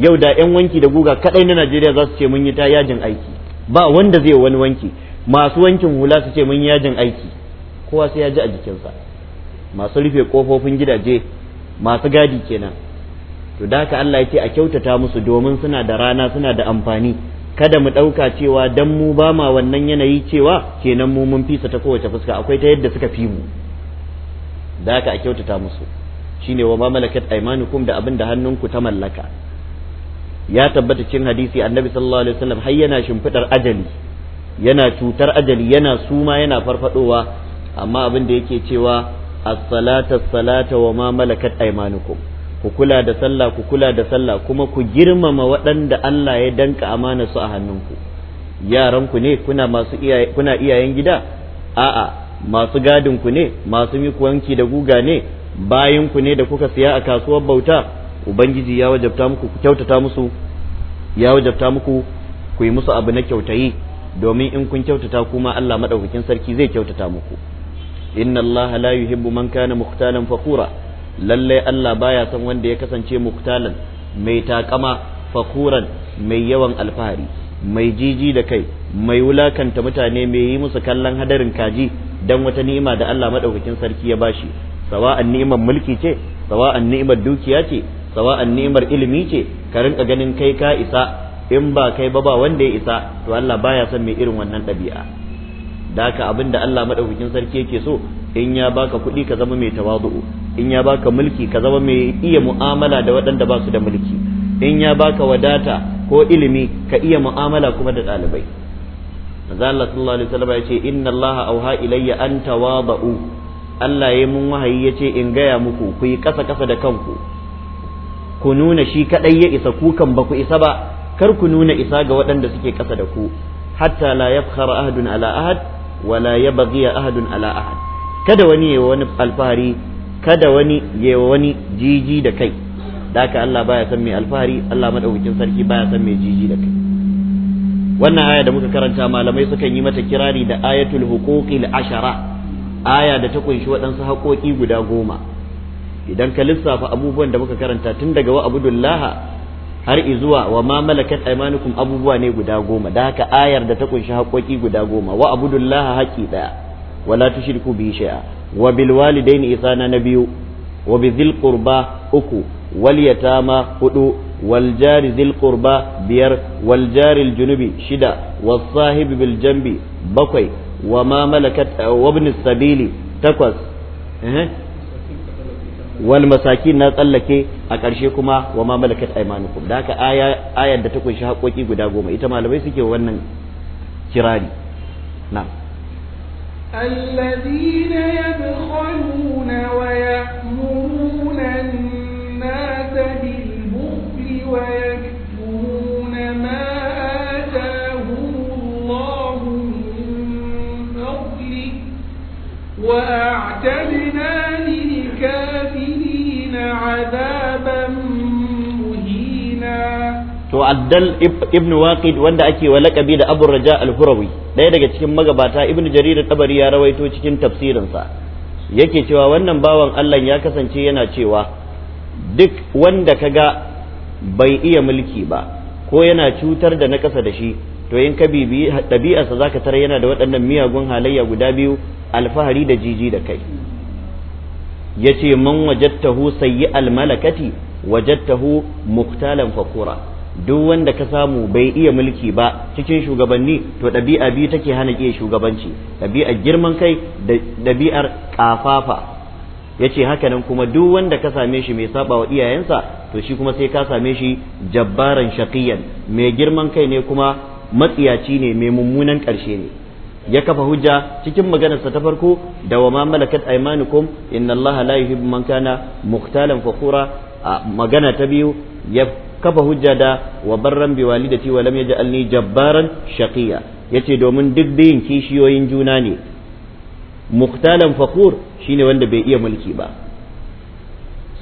yau da yan wanki da guga kadai na Najeriya za su ce mun yi ta yajin aiki ba wanda zai wani wanki masu wankin hula su ce mun yi yajin aiki kowa sai ya ji a jikinsa masu rufe kofofin gidaje masu gadi kenan to da haka Allah ya ce a kyautata musu domin suna da rana suna da amfani kada mu ɗauka cewa dan mu ba ma wannan yanayi cewa kenan mu mun fisa ta kowace fuska akwai ta yadda suka fi mu da haka a kyautata musu shine wa ma malakat aymanukum da abin da hannunku ta mallaka ya tabbata cin hadisi annabi sallallahu alaihi wasallam har yana shimfidar ajali yana cutar ajali yana suma yana farfadowa amma abin da yake cewa as-salata salata wa ma malakat aymanukum ku kula da sallah ku kula da sallah kuma ku girmama waɗanda Allah ya danka amana su a hannunku yaranku ne kuna masu iyaye kuna iyayen gida a'a masu gadin ku ne masu mikuwanki da guga ne bayan ku ne da kuka siya a kasuwar bauta ubangiji ya wajabta muku ku kyautata musu ya wajabta muku ku yi musu abu na kyautayi domin in kun kyautata kuma Allah madaukakin sarki zai kyautata muku inna Allah la yuhibbu man kana mukhtalan fakura lalle Allah baya san wanda ya kasance mukhtalan mai takama fakuran mai yawan alfahari mai jiji da kai mai wulakanta mutane mai yi musu kallon hadarin kaji dan wata ni'ima da Allah madaukakin sarki ya bashi sawa'an ni'imar mulki ce sawa'an ni'imar dukiya ce sawa'an ni'imar ilimi ce ka rinka ganin kai ka isa in ba kai ba ba wanda ya isa to Allah baya son mai irin wannan ɗabi'a da haka abin da Allah madaukakin sarki yake so in ya baka kuɗi ka zama mai tawazu'u in ya baka mulki ka zama mai iya mu'amala da waɗanda ba su da mulki in ya baka wadata ko ilimi ka iya mu'amala kuma da ɗalibai manzo Allah sallallahu alaihi wasallam ya ce inna Allah auha ilayya an tawadu Allah ya mun wahayi ya ce in gaya muku ku yi kasa kasa da kanku ku nuna shi kaɗai ya isa kukan ba ku isa ba kar ku nuna isa ga waɗanda suke ƙasa da ku hatta la yafkhara ahadun ala ahad wa la yabghi ahadun ala ahad kada wani yayi wani alfahari kada wani yayi wani jiji da kai da haka Allah baya san mai alfahari Allah madaukakin sarki baya san mai jiji da kai wannan aya da muka karanta malamai sukan yi mata kirari da ayatul huquqil ashara aya da ta kunshi waɗansu haƙoƙi guda goma idan ka lissafa abubuwan da muka karanta tun daga wa abudullah har izuwa wa ma malakat aymanukum abubuwa ne guda goma da haka ayar da ta kunshi haƙoƙi guda goma wa abudullah haƙi daya wala tushriku bi shay'a wa bil walidaini isana na biyu wa bi dhil qurba uku wal yatama hudu wal jari dhil qurba biyar wal jari al junubi shida was sahibi bil janbi bakwai wa ma malakat wa ibn sabili takwas wal masakin na tsallake a ƙarshe kuma wa ma malakat aymanukum da haka ayar da ta kunshi haƙoƙi guda goma ita malamai suke wannan kirari na'am الذين يبخلون ويأمرون الناس بالبخل ويكتمون ما آتاهم الله من فضله وأعتدوا to addal ibn waqid wanda ake wa laqabi da abu raja al-hurawi daya daga cikin magabata ibn jarir tabari ya rawaito cikin tafsirinsa yake cewa wannan bawan Allah ya kasance yana cewa duk wanda ka ga bai iya mulki ba ko yana cutar da na kasa da shi to in ka bibi ɗabi'arsa zaka tara yana da waɗannan miyagun halayya guda biyu alfahari da jiji da kai yace man wajattahu sayyi almalakati wajattahu muktalan fakura duk wanda ka samu bai iya mulki ba cikin shugabanni to ɗabi'a biyu take hana iya shugabanci ɗabi'ar girman kai da ɗabi'ar ƙafafa yace haka nan kuma duk wanda ka same shi mai saba iyayensa to shi kuma sai ka same shi jabbaran shaqiyan mai girman kai ne kuma matsiyaci ne mai mummunan ƙarshe ne ya kafa hujja cikin maganarsa ta farko da wa ma malakat aymanukum inna allaha la yuhibbu man kana mukhtalan fakhura magana ta biyu ya kafa hujja da wa barran bi walidati wa lam yaj'alni jabbaran shaqiya yace domin duk biyin kishiyoyin juna ne mukhtalan fakhur shine wanda bai iya mulki ba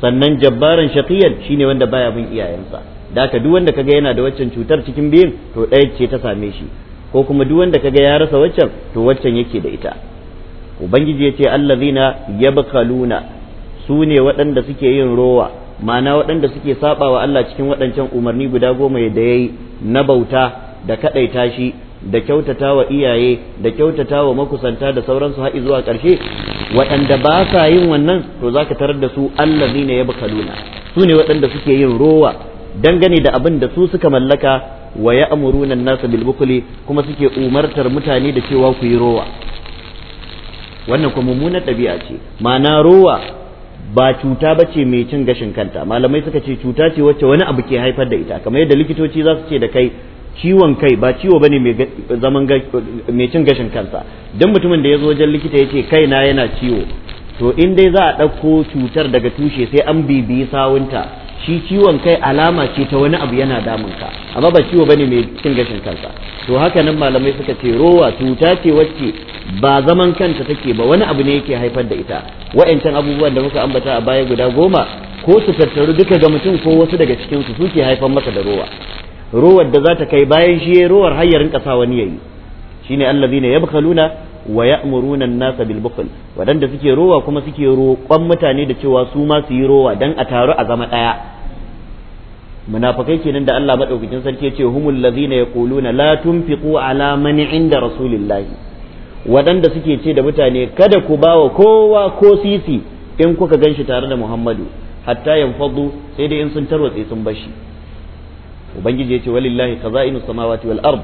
sannan jabbaran shaqiyan shine wanda baya bin iyayensa da duk wanda kaga yana da waccan cutar cikin biyin to ɗaya ce ta same shi ko kuma duk wanda kaga ya rasa waccan to waccan yake da ita ubangiji ya ce allazina yabkaluna su ne waɗanda suke yin rowa ma'ana waɗanda suke saba wa Allah cikin waɗancan umarni guda goma da yayi na bauta da kaɗaita shi da kyautata wa iyaye da kyautata wa makusanta da sauransu har zuwa ƙarshe waɗanda ba sa yin wannan to za ka tarar da su allazina yabkaluna su ne waɗanda suke yin rowa dangane da abin da su suka mallaka wa amuru nan nasa bilbukuli kuma suke umartar mutane da cewa ku yi rowa wannan kuma mummunar ɗabi'a ce ma'ana rowa ba cuta ba ce mai cin gashin kanta malamai suka ce cuta ce wacce wani abu ke haifar da ita kamar yadda likitoci za su ce da kai ciwon kai ba ciwo bane mai mai cin gashin kansa dan mutumin da ya zo wajen likita ya ce kai na yana ciwo to in dai za a ɗauko cutar daga tushe sai an bibiyi sawunta shi ciwon kai alama ce ta wani abu yana damun ka amma ba ciwo bane mai cin gashin kansa to haka nan malamai suka ce rowa cuta ce wacce ba zaman kanta take ba wani abu ne yake haifar da ita wa'ancan abubuwan da muka ambata a baya guda goma ko su tattaru duka ga mutum ko wasu daga cikin su suke haifar masa da rowa rowar da za ta kai bayan shi rowar har ya rinka sa wani yayi shine allazina yabkhaluna wa ya'muruna an-nasa bil bukhl wadanda suke rowa kuma suke roƙon mutane da cewa su ma su yi rowa dan a taru a zama daya munafikai kenan da Allah madaukakin sarki yace humul ladzina yaquluna la tunfiqu ala man inda rasulillahi wadanda suke ce da mutane kada ku bawa kowa ko sisi in kuka ganshi tare da Muhammadu hatta yanfadu sai dai in sun tarwatse sun bashi ubangiji yace walillahi khaza'inus samawati wal ard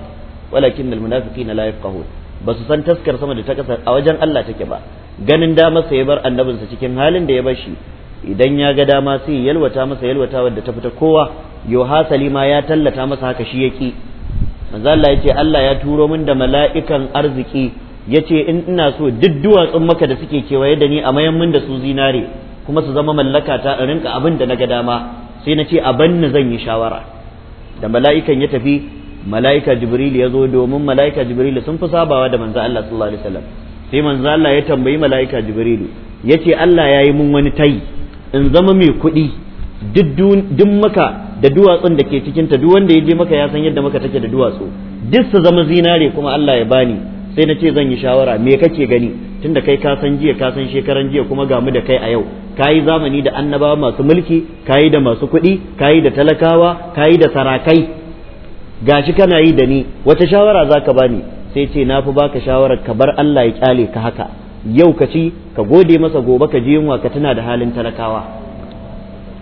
walakin al munafiqina la yafqahun ba su san taskar sama da ta kasa a wajen Allah take ba ganin dama sa ya bar annabinsa cikin halin da ya bar shi idan ya ga dama sai yalwata masa yalwata wadda ta fita kowa yo hasali ma ya tallata masa haka shi yake manzo Allah yace Allah ya turo min da mala'ikan arziki yace in ina so duk duwatsun maka da suke kewaye da ni a mayan min da su zinare kuma su zama mallaka ta in rinka abin da na ga dama sai na ce a banni zan yi shawara da mala'ikan ya tafi mala'ika jibril ya zo domin mala'ika jibril sun fi sabawa da manzo Allah sallallahu alaihi wasallam sai manzo Allah ya tambayi mala'ika jibril yace Allah ya yi mun wani tai in zama mai kuɗi duk maka da duwatsun da ke cikin ta duk wanda ya je maka ya san yadda maka take da duwatsu duk su zama zinare kuma Allah ya bani sai na ce zan yi shawara me kake gani tunda kai ka san jiya ka san shekaran jiya kuma ga mu da kai a yau kayi zamani da annabawa masu mulki kayi da masu kuɗi kayi da talakawa kayi da sarakai gashi kana yi da ni wata shawara za ka bani sai ce na fi baka shawarar ka bar Allah ya kyale ka haka yau ka ci ka gode masa gobe ka je yunwa ka tuna da halin talakawa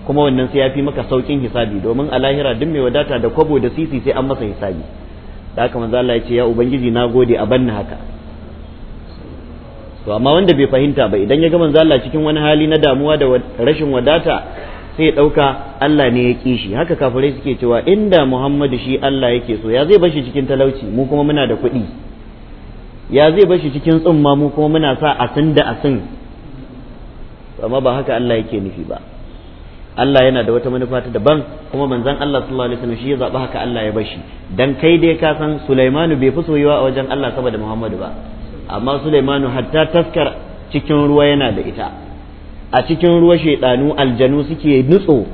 kuma wannan sai ya fi maka saukin hisabi domin a lahira duk mai wadata da kwabo da sisi sai an masa hisabi da haka manzo Allah ya ce ya ubangiji na gode a banna haka to amma wanda bai fahimta ba idan ya ga manzo Allah cikin wani hali na damuwa da rashin wadata sai ɗauka Allah ne ya ƙi shi haka kafirai suke cewa inda Muhammadu shi Allah yake so ya zai bashi cikin talauci mu kuma muna da kuɗi ya zai bashi cikin tsumma mu kuma muna sa asin da asin amma ba haka Allah yake nufi ba Allah yana da wata manufa ta daban kuma manzon Allah sallallahu alaihi wasallam shi ya zaba haka Allah ya bashi dan kai dai ka san Sulaimanu bai fi soyuwa a wajen Allah saboda Muhammadu ba amma Sulaimanu hatta taskar cikin ruwa yana da ita a cikin ruwa shaidanu aljanu suke nutso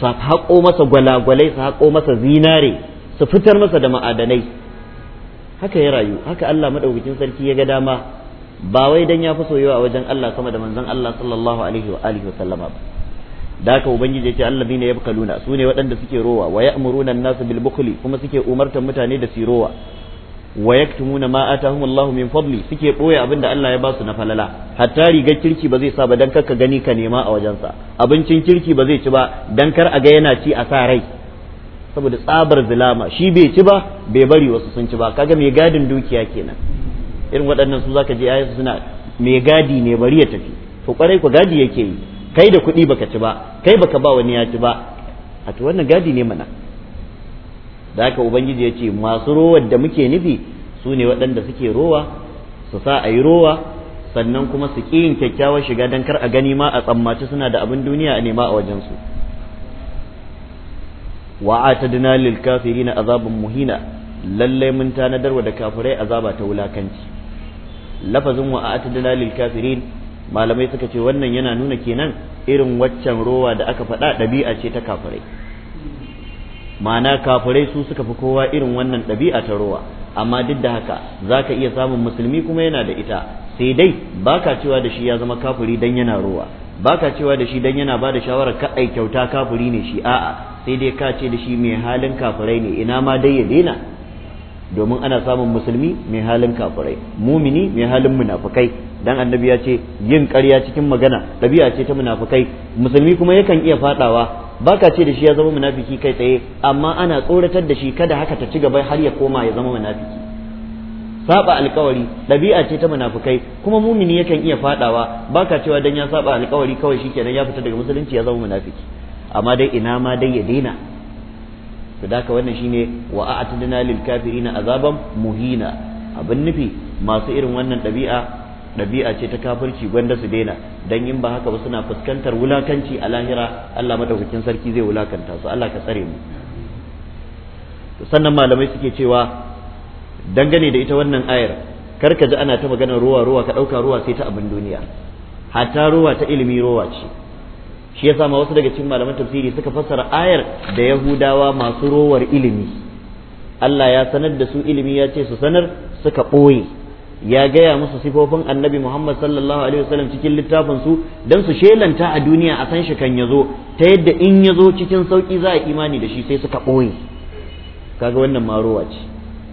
su haƙo masa gwalagwalai su haƙo masa zinare su fitar masa da ma'adanai haka ya rayu haka Allah madaukakin sarki ya ga dama ba wai dan ya fi soyewa a wajen Allah sama da manzon Allah sallallahu alaihi wa alihi wa sallama ba da haka ubangiji ya ce allazina yabkaluna su ne waɗanda suke rowa wa ya'muruna an-nas bil bukhli kuma suke umartar mutane da sirowa. wa yaktumuna ma atahum Allah min fadli suke boye abin da Allah ya ba su na falala hatta rigar kirki ba zai sa ba dan karka gani ka nema a wajen sa abincin kirki ba zai ci ba dan kar a ga yana ci a sa rai saboda tsabar zulama shi bai ci ba bai bari wasu sun ci ba kaga mai gadin dukiya kenan irin waɗannan su zaka ji ayatu suna mai gadi ne bari ya tafi to kwarai ku gadi yake yi kai da kuɗi baka ci ba kai baka ba wani ya ci ba a to wannan gadi ne mana da haka ubangiji ya ce masu rowar da muke nufi su ne waɗanda suke rowa su sa a yi rowa sannan kuma su ƙi yin kyakkyawar shiga don kar a gani ma a tsammaci suna da abin duniya a nema a wajensu wa dina lil na azabin muhina lallai mun tanadar wa da kafirai azaba ta wulakanci lafazin wa atadna lil malamai suka ce wannan yana nuna kenan irin waccan rowa da aka faɗa ɗabi'a ce ta kafirai ma'ana kafirai su suka fi kowa irin wannan ɗabi'a ta rowa amma duk da haka za ka iya samun musulmi kuma yana da ita sai dai ba ka cewa da shi ya zama kafiri dan yana rowa ka cewa da shi dan yana ba da shawarar ka kyauta kafiri ne shi a'a sai dai ka ce da shi mai halin kafirai ne ina ma dai ya daina domin ana samun musulmi mai halin kafirai mumini mai halin munafukai dan annabi ya ce yin ƙarya cikin magana ɗabi'a ce ta munafukai musulmi kuma yakan iya faɗawa baka ce da shi ya zama munafiki kai tsaye amma ana tsoratar da shi kada haka ta ci gaba har ya koma ya zama munafiki saba alkawari ɗabi'a ce ta munafukai kuma mumini yakan iya fadawa baka cewa dan ya saba alkawari kawai shikenan ya fita daga musulunci ya zama munafiki amma dai ina ma dai ya daina to daka wannan shine wa a'tadna lil kafirina azaban muhina abin nufi masu irin wannan ɗabi'a ɗabi'a ce ta kafirci gwanda su daina dan in ba haka ba suna fuskantar wulakanci a lahira Allah madaukakin sarki zai wulakanta su Allah ka tsare mu to sannan malamai suke cewa dangane da ita wannan ayar kar ka ji ana ta maganar ruwa ruwa ka ɗauka ruwa sai ta abin duniya hatta ruwa ta ilimi ruwa ce shi yasa ma wasu daga cikin malaman tafsiri suka fassara ayar da yahudawa masu rowar ilimi Allah ya sanar da su ilimi ya ce su sanar suka ɓoye ya gaya musu sifofin annabi Muhammad sallallahu alaihi wasallam cikin littafin su dan su shelanta a duniya a san shi kan yazo ta yadda in yazo cikin sauki za a imani da shi sai suka boye kaga wannan ma rowa ce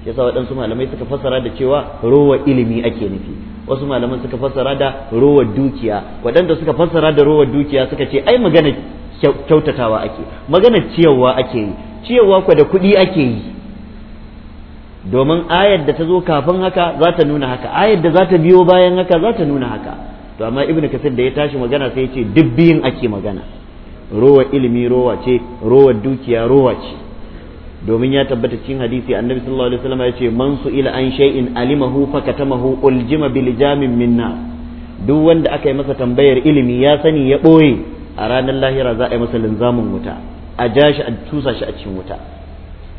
yasa waɗansu malamai suka fassara da cewa rowa ilimi ake nufi wasu malaman suka fassara da rowa dukiya waɗanda suka fassara da rowa dukiya suka ce ai magana kyautatawa ake magana ciyarwa ake yi ciyarwa kwa da kuɗi ake yi domin ayar da ta zo kafin haka za ta nuna haka ayar da za ta biyo bayan haka za ta nuna haka to amma ibnu kasir da ya tashi magana sai ya ce duk biyun ake magana rowa ilimi rowa ce rowa dukiya rowa ce domin ya tabbata cikin hadisi annabi sallallahu alaihi wasallam ya ce man ila an shay'in alimahu fakatamahu uljima bil jamin minna duk wanda aka yi masa tambayar ilimi ya sani ya boye a ranar lahira za a yi masa linzamin wuta a ja shi a tusa shi a cikin wuta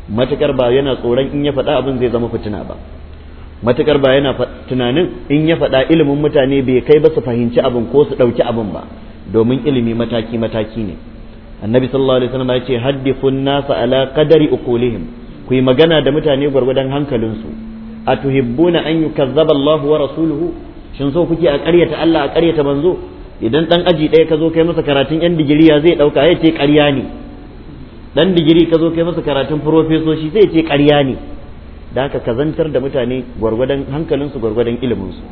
matukar ba yana tsoron in ya faɗa abin zai zama fitina ba matakar ba yana tunanin in ya faɗa ilimin mutane bai kai ba su fahimci abin ko su ɗauki abin ba domin ilimi mataki mataki ne annabi sallallahu alaihi wasallam ya ce haddithun nasa ala qadari uqulihim ku magana da mutane gwargwadon hankalinsu atuhibbuna an yukazzaba Allahu wa rasuluhu shin so kuke a ƙaryata Allah a ƙaryata manzo idan dan aji ɗaya ka zo kai masa karatun yan digiriya zai ɗauka ya ce ƙarya ne dan digiri ka zo kai masa karatun profesoshi sai ce ƙarya ne da haka ka kazantar da mutane gwargwadon hankalinsu gwargwadon iliminsu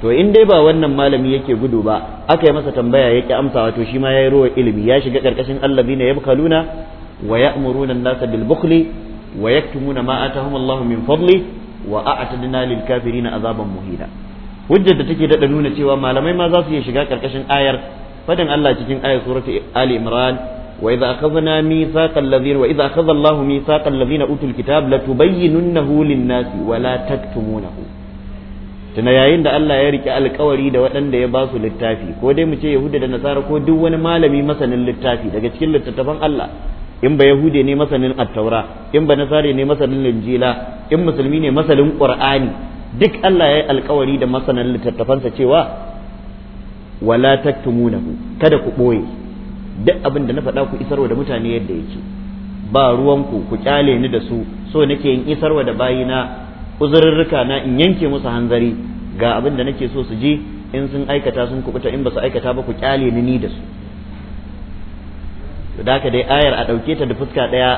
to in dai ba wannan malami yake gudu ba aka yi masa tambaya yake amsawa to shi ma yi rowa ilimi ya shiga karkashin allazina yabkhaluna wa ya'muruna an-nasa bil bukli wa yaktumuna ma Allahu min fadli wa a'tadna lil kafirina azaban muhina hujjar da take daɗa nuna cewa malamai ma za su iya shiga karkashin ayar fadin Allah cikin ayar surati Ali Imran wa idza akhadna mithaqal ladhina wa idza akhadha Allahu mithaqal ladhina utul kitab latubayyinunnahu lin-nasi wa la taktumunahu tuna yayin da Allah ya rike alkawari da waɗanda ya ba su littafi ko dai mu ce yahuda da nasara ko duk wani malami masanin littafi daga cikin littattafan Allah in ba yahude ne masanin attaura in ba nasare ne masanin linjila in musulmi ne masanin qur'ani duk Allah ya yi alkawari da masanan littattafansa cewa wala taktumunahu kada ku ɓoye duk abin da na faɗa ku isarwa da mutane yadda yake ba ruwanku ku kyale ni da su so nake yin isarwa da bayina uzurrurruka na in yanke musu hanzari ga abin da nake so su ji in sun aikata sun kubuta in ba su aikata ba ku kyale ni ni da su to da ka dai ayar a dauke ta da fuska ɗaya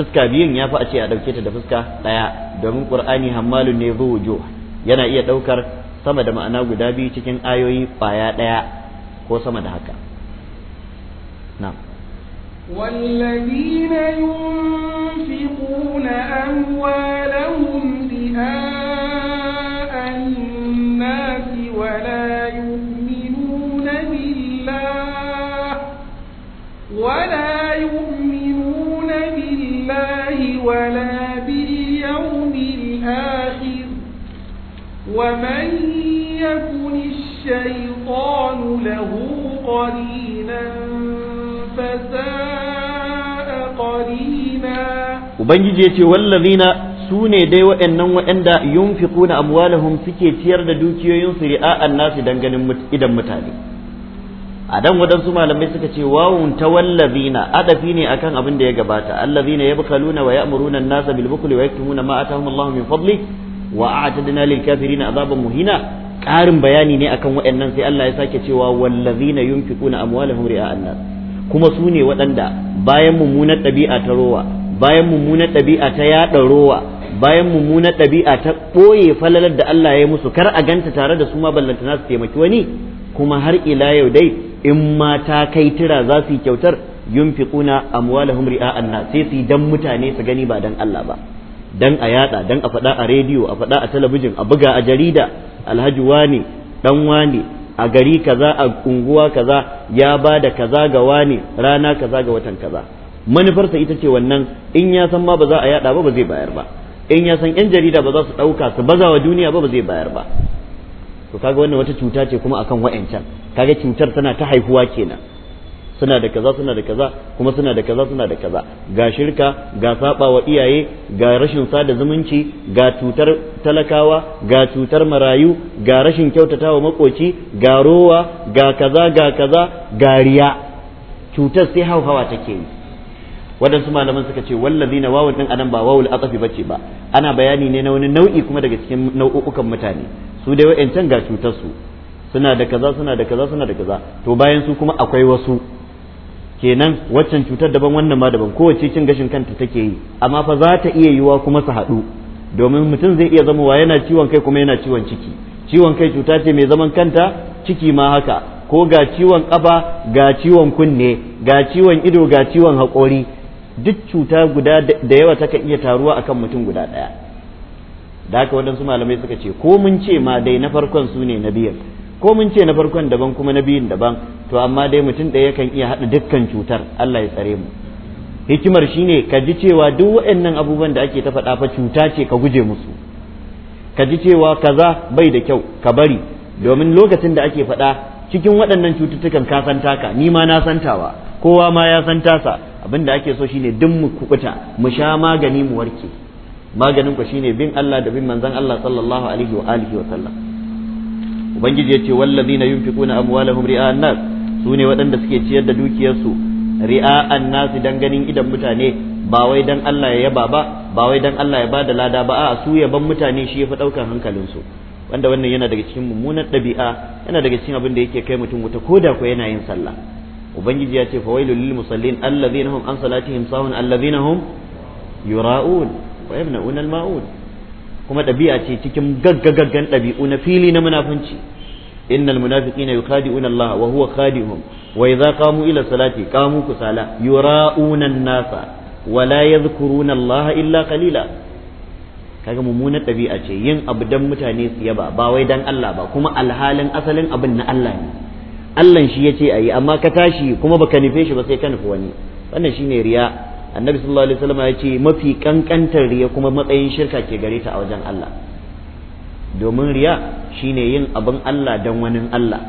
fuska biyun ya fi a ce a ɗauketa ta da fuska ɗaya domin qur'ani hammalun ne zuwa yana iya ɗaukar sama da ma'ana guda biyu cikin ayoyi baya ɗaya ko sama da haka نعم والذين ينفقون أموالهم رئاء الناس ولا يؤمنون بالله ولا يؤمنون بالله ولا باليوم الآخر ومن يكن الشيطان له قريناً ubangiji ya ce wallazina su ne dai waɗannan waɗanda yunfiquna amwalahum suke ciyar da dukiyoyinsu ri'a'an nasu dan ganin idan mutane a dan waɗansu malamai suka ce wawun ta wallazina adafi ne akan abin da ya gabata allazina yabkhaluna wa ya amuruna nasa bil bukli wa yaktumuna ma atahum Allahu min fadli wa a'tadna lil kafirina azaban muhina ƙarin bayani ne akan waɗannan sai Allah ya sake cewa wallazina yunfiquna amwalahum ri'a'an nasu kuma su ne waɗanda bayan mummunar ɗabi'a ta rowa bayan mummunar ɗabi'a ta yaɗa rowa bayan mummunar ɗabi'a ta ɓoye falalar da Allah ya musu kar a ganta tare da su ma ballantana su taimaki wani kuma har ila yau dai in ma ta kai tira za su yi kyautar yunfiquna amwalahum ri'a nas sai su yi dan mutane su gani ba dan Allah ba dan a yada dan a faɗa a rediyo a faɗa a talabijin a buga a jarida alhaji wani dan wani a gari kaza a unguwa kaza ya ba da kaza ga wani rana kaza ga watan kaza manufarsa ita ce wannan in ya san ma ba za a yada ba ba zai bayar ba in ya san yan jarida ba za su dauka su baza wa duniya ba ba zai bayar ba to kaga wannan wata cuta ce kuma akan wa'ancan kaga cutar tana ta haihuwa kenan suna da kaza suna da kaza kuma suna da kaza suna da kaza ga shirka ga saba wa iyaye ga rashin sada zumunci ga cutar talakawa ga cutar marayu ga rashin kyautatawa makoci ga rowa ga kaza ga kaza ga riya cutar sai hauhawa take yi waɗansu malaman suka ce wallazi na wawun ɗin adam ba wawul aqafi bace ba ana bayani ne na wani nau'i kuma daga cikin nau'ukan mutane su dai wa'ancan ga cutar su suna da kaza suna da kaza suna da kaza to bayan su kuma akwai wasu kenan waccan cutar daban wannan ma daban kowace cin gashin kanta take yi amma fa za ta iya yiwa kuma su haɗu domin mutum zai iya zama wa yana ciwon kai kuma yana ciwon ciki ciwon kai cuta ce mai zaman kanta ciki ma haka ko ga ciwon ƙafa ga ciwon kunne ga ciwon ido ga ciwon haƙori duk cuta guda da yawa taka iya taruwa akan mutum guda ɗaya da haka waɗansu malamai suka ce ko mun ce ma dai na farkon su ne na biyar ko mun ce na farkon daban kuma na biyun daban to amma dai mutum ɗaya yakan iya haɗa dukkan cutar Allah ya tsare mu hikimar shine ka ji cewa duk waɗannan abubuwan da ake ta faɗa fa cuta ce ka guje musu ka ji cewa kaza bai da kyau ka bari domin lokacin da ake faɗa cikin waɗannan cututtukan ka san taka ni ma na san tawa kowa ma ya san tasa abin da ake so shine duk mu kuɓuta mu sha magani mu warke maganin ku shine bin Allah da bin manzon Allah sallallahu alaihi wa alihi wa sallam ubangiji yace wallazina yunfiquna amwalahum ri'a an-nas su ne waɗanda suke ciyar da dukiyarsu ri'a an-nas dan ganin idan mutane ba wai dan Allah ya yaba ba ba wai dan Allah ya bada lada ba a su ban mutane shi ya fi daukan hankalin su wanda wannan yana daga cikin mummunan dabi'a yana daga cikin abin da yake kai mutum wuta koda ko yana yin sallah ubangiji ya ce fa wailul lil musallin allazina hum an salatihim sahun allazina hum yura'un wa yamna'un al-ma'un kuma ɗabi'a ce cikin gaggagaggan ɗabi'u na fili na munafunci innal munafiqina yukhadi'una Allah wa huwa khadi'uhum wa idza qamu ila salati qamu kusala yura'una an-nasa wa la yadhkuruna Allah illa qalila kaga mummunar ɗabi'a ce yin abu dan mutane su yaba ba wai dan Allah ba kuma alhalin asalin abin na Allah ne Allah shi yace ayi amma ka tashi kuma baka nufe shi ba sai ka nufi wani wannan shine riya annabi sallallahu alaihi wasallam ya ce mafi kankantar riya kuma matsayin shirka ke gare ta a wajen Allah domin riya shine yin abin Allah dan wani Allah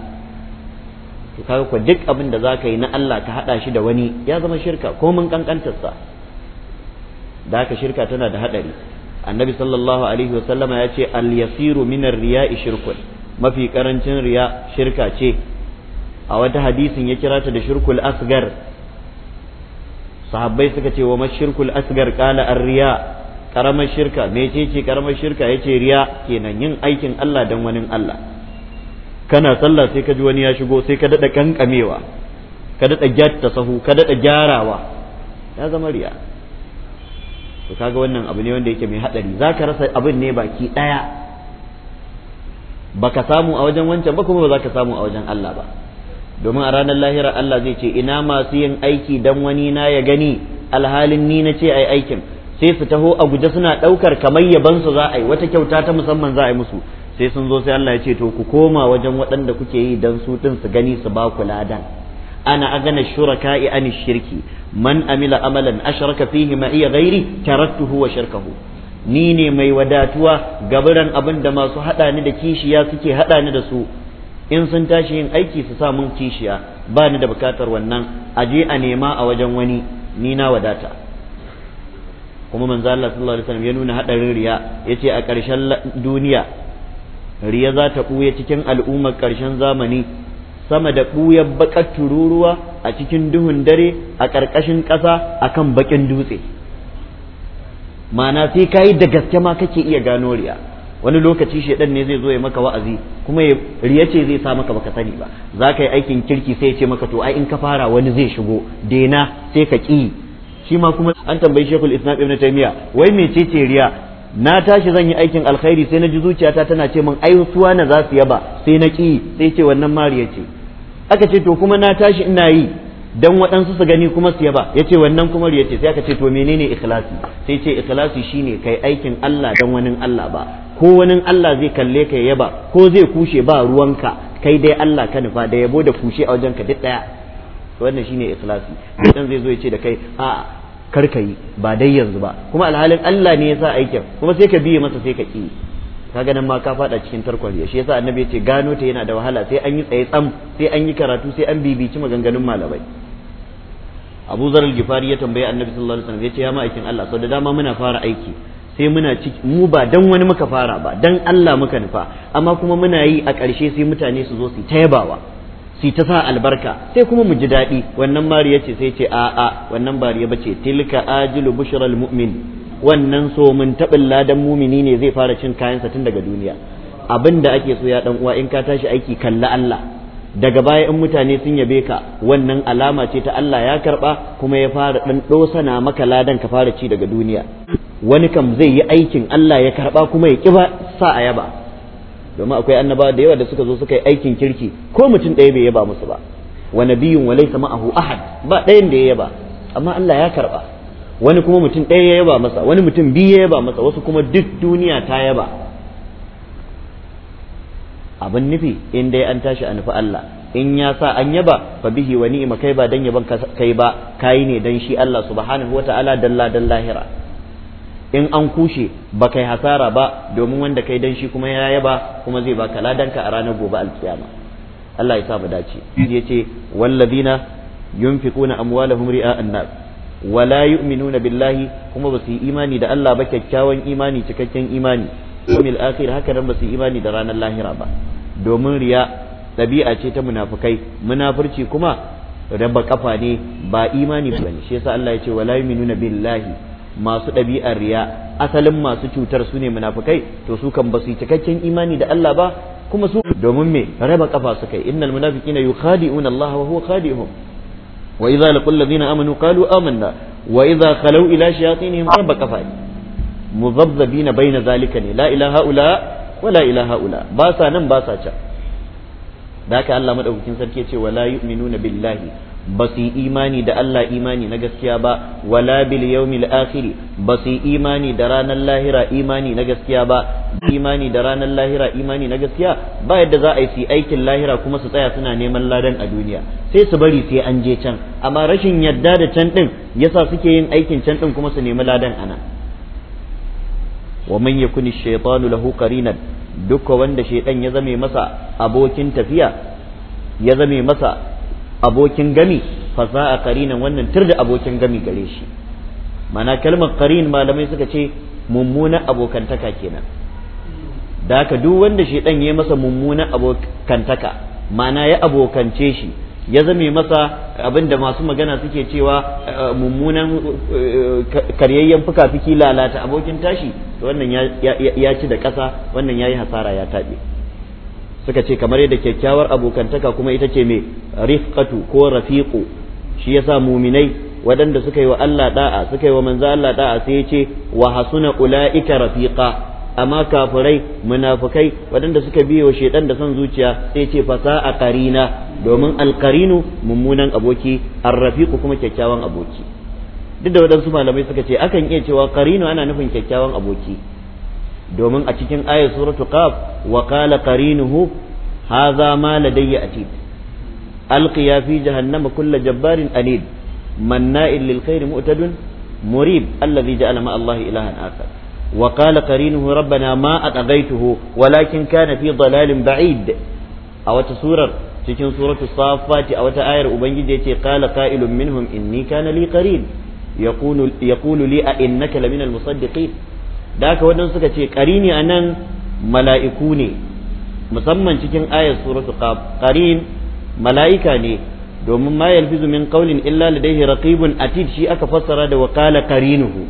to kaga ko duk abin da zaka yi na Allah ka hada shi da wani ya zama shirka ko mun kankantar sa da haka shirka tana da hadari annabi sallallahu alaihi wasallam ya ce al yasiru min ar riya'i shirkun mafi karancin riya shirka ce a wata hadisin ya kira ta da shirkul asgar sahabbai suka ce wa mashirkul asgar kala arriya riya karamar shirka ce karamar shirka yace riya kenan yin aikin Allah dan wani Allah kana sallah sai ka ji wani ya shigo sai ka dada kankamewa ka dada gyatta sahu ka dada gyarawa ya zama riya to kaga wannan abu ne wanda yake mai hadari zaka rasa abin ne baki daya baka samu a wajen wancan ba kuma ba za ka samu a wajen Allah ba domin a ranar lahira Allah zai ce ina masu yin aiki dan wani na ya gani alhalin ni na ce ai aikin sai su taho a guje suna ɗaukar kamar yaban su za a yi wata kyauta ta musamman za a yi musu sai sun zo sai Allah ya ce to ku koma wajen waɗanda kuke yi dan su din su gani su ba ku ladan ana agana shuraka'i an shirki man amila amalan asharaka fihi ma iya ghairi taraktuhu wa shirkahu ni ne mai wadatuwa gaburan abin da masu hada ni da kishiya suke hada ni da su in sun tashi yin aiki su sa mun kishiya ba ni da bukatar wannan a je a nema a wajen wani ni na wadata kuma manzo Allah sallallahu alaihi wasallam ya nuna hadarin riya yace a ƙarshen duniya riya za ta buye cikin al'ummar ƙarshen zamani sama da ɓuyar baƙar tururuwa a cikin duhun dare a ƙarƙashin ƙasa a kan baƙin dutse ma'ana sai ka da gaske ma kake iya gano riya wani lokaci shi shedan ne zai zo ya maka wa'azi kuma ya riyace zai sa maka baka sani ba za ka yi aikin kirki sai ya ce maka to ai in ka fara wani zai shigo dena sai ka ki shi ma kuma an tambayi shekul islam ibn taymiya wai ce riya na tashi zan yi aikin alkhairi sai na ji zuciyata tana ce min ai suwa na za su yaba sai na ki sai ce wannan mariya ce aka ce to kuma na tashi ina yi dan waɗansu su gani kuma su yaba ce wannan kuma riya ce sai aka ce to menene ikhlasi sai ce ikhlasi shine kai aikin Allah dan wani Allah ba ko wani Allah zai kalle ka yaba ko zai kushe ba ruwanka kai dai Allah ka nufa da yabo da kushe a wajenka duk daya wannan shine ikhlasi dan zai zo ya ce da kai a kar ka yi ba dai yanzu ba kuma alhalin Allah ne ya sa aikin kuma sai ka biye masa sai ka ki ka ganin ma ka fada cikin tarkon ya shi yasa annabi ya ce gano ta yana da wahala sai an yi tsaye tsam sai an yi karatu sai an bibici maganganun malamai Abu Zar gifari ya tambaye Annabi sallallahu alaihi wasallam ce ya ma'aikin Allah sau da dama muna fara aiki sai muna mu ba dan wani muka fara ba dan Allah muka nufa amma kuma muna yi a ƙarshe sai mutane su zo su ta yabawa su ta sa albarka sai kuma mu ji daɗi wannan ya ce sai ce a a wannan ya bace tilka ajilu bushral mu'min wannan so mun taɓin ladan mumini ne zai fara cin kayansa tun daga duniya abin da ake so ya dan uwa in ka tashi aiki kalla Allah daga baya in mutane sun yabe ka wannan alama ce ta Allah ya karba kuma ya fara dan dosana maka ladan ka fara ci daga duniya wani kam zai yi aikin Allah ya karba kuma ya kiba sa a yaba domin akwai annabawa da yawa da suka zo suka yi aikin kirki ko mutum ɗaya bai yaba musu ba wa nabiyyun wa laysa ma'ahu ahad ba ɗayan da ya yaba amma Allah ya karba wani kuma mutum ɗaya ya yaba masa wani mutum biyu ya yaba masa wasu kuma duk duniya ta yaba abin nufi in dai an tashi a nufi Allah in ya sa an yaba fa bihi wa ni'ima kai ba dan yaban kai ba kai ne dan shi Allah subhanahu wataala dalla dan lahira in an kushe ba kai hasara ba domin wanda kai dan shi kuma ya yaba kuma zai baka ladanka a ranar gobe alkiyama Allah ya sa mu dace yace wallazina yunfiquna amwalahum ri'a nas wala yu'minuna billahi kuma ba su yi imani da Allah ba kyakkyawan imani cikakken imani yawmil akhir haka nan ba su imani da ranar lahira ba domin riya ɗabi'a ce ta munafukai munafurci kuma raba kafa ne ba imani ba ne shi yasa Allah ya ce wala yu'minuna billahi masu ɗabi'ar riya asalin masu cutar su ne munafukai to su kan ba su cikakken imani da Allah ba kuma su domin me raba kafa su kai innal munafiqina yukhadi'una Allah wa huwa khadi'uhum wa idza laqul ladina amanu qalu amanna wa idza khalu ila shayatinihim raba kafa ne muzabzabina baina zalika ne la ilaha ula wala ilaha ula ba sa nan ba sa can da Allah madaukakin sarki ce wala yu'minuna billahi ba su yi imani da Allah imani na gaskiya ba wala bil yawmil akhir ba su yi imani da ranar lahira imani na gaskiya ba imani da ranar lahira imani na gaskiya ba yadda za a yi aikin lahira kuma su tsaya suna neman ladan a duniya sai su bari sai an je can amma rashin yarda da can din yasa suke yin aikin can din kuma su nemi ladan anan wa man yakuni shaytanu lahu qarinan duk wanda shaytan ya zame masa abokin tafiya ya zame masa abokin gami fasaha qarinan wannan turda abokin gami gare shi mana kalmar qarin malamai suka ce mummunan abokantaka kenan da haka duk wanda shaytan ya masa mummuna abokantaka mana ya abokance shi ya zame masa abinda masu magana suke cewa eh, eh, mummunan eh, karyayyen fuka-fiki lalata abokin tashi to wannan ya ci da ƙasa wannan ya yi hasara ya taɓe suka ce kamar yadda kyakkyawar abokantaka kuma ita ce mai rifkatu ko rafiku shi ya sa muminai waɗanda suka yi wa Allah da'a suka yi wa manzo Allah da'a sai ya ce wa hasuna ula'ika rafiqa amma kafirai munafukai waɗanda suka biyo shaidan da son zuciya sai ce fasa a karina domin alkarinu mummunan aboki arrafiku kuma kyakkyawan aboki duk da waɗansu malamai suka ce akan iya cewa karinu ana nufin kyakkyawan aboki domin a cikin ayat suratu qaf wa qala qarinuhu hadha ma ladayya atid alqiya fi jahannama kulla jabbarin anid manna'il lil mu'tadun murib alladhi ja'ala ma allahi ilahan akhar وقال قرينه ربنا ما أطغيته ولكن كان في ضلال بعيد أو سورة تكن سورة الصافات أو تآير أبنجد قال قائل منهم إني كان لي قرين يقول, يقول لي أئنك لمن المصدقين ذاك ودن سكتي قريني أنا ملائكوني musamman cikin ayar suratu qarin mala'ika ne domin ma yalfizu min qawlin illa ladayhi raqibun atid shi aka fassara da waqala qarinuhu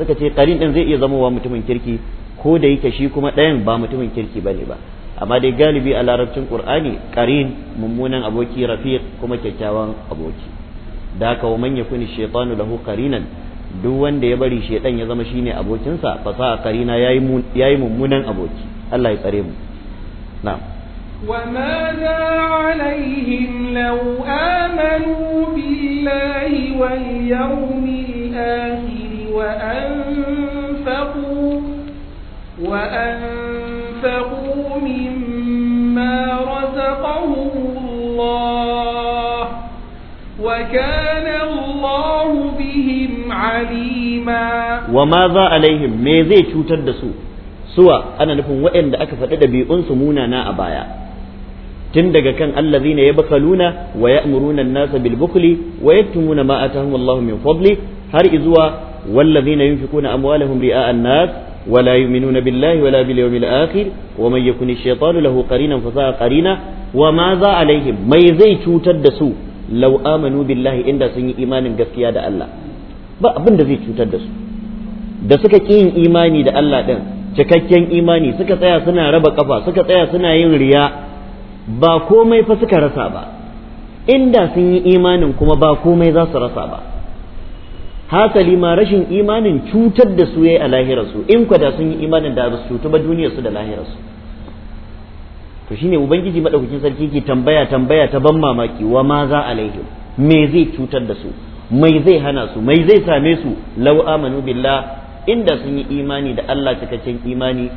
suka ce karin din zai iya zamowa mutumin kirki ko da yake shi kuma ɗayan ba mutumin kirki bane ba amma dai galibi a larabcin qur'ani karin mummunan aboki rafiq kuma kyakkyawan aboki da haka wa manya kuni lahu qarinan duk wanda ya bari shaytan ya zama shine abokinsa fa sa karina yayi mummunan aboki Allah ya tsare mu na'am وماذا عليهم لو آمنوا بالله واليوم وأنفقوا وأنفقوا مما رزقهم الله وكان الله بهم عليما وماذا عليهم ماذا تتدسوا سوى أنا نفهم وإن دا أكفت أنس مونا أبايا tun daga kan allazina yabkhaluna wa ya an-nasa bil bukhli wa yaktumuna ma atahum min fadli har izuwa والذين ينفقون أموالهم رئاء الناس ولا يؤمنون بالله ولا باليوم الآخر ومن يكن الشيطان له قرينا فساء قرينا وماذا عليهم ما يزي تدسو لو آمنوا بالله إن سن إيمان قسكيا دا الله ba abin da zai cutar da su da suka ƙi yin imani da Allah ɗan cikakken imani suka tsaya suna raba kafa suka tsaya suna yin riya ba komai fa suka rasa ba inda sun yi imanin kuma ba komai za su rasa ba hasali ma rashin imanin cutar da su yayi a su in kwada sun yi imanin da su cutu ba duniyar su da lahirarsu to shine ubangiji madaukakin sarki ke tambaya tambaya ta ban mamaki wa ma za alaihim me zai cutar da su mai zai hana su mai zai same su law amanu billah inda sun yi imani da Allah cikakken imani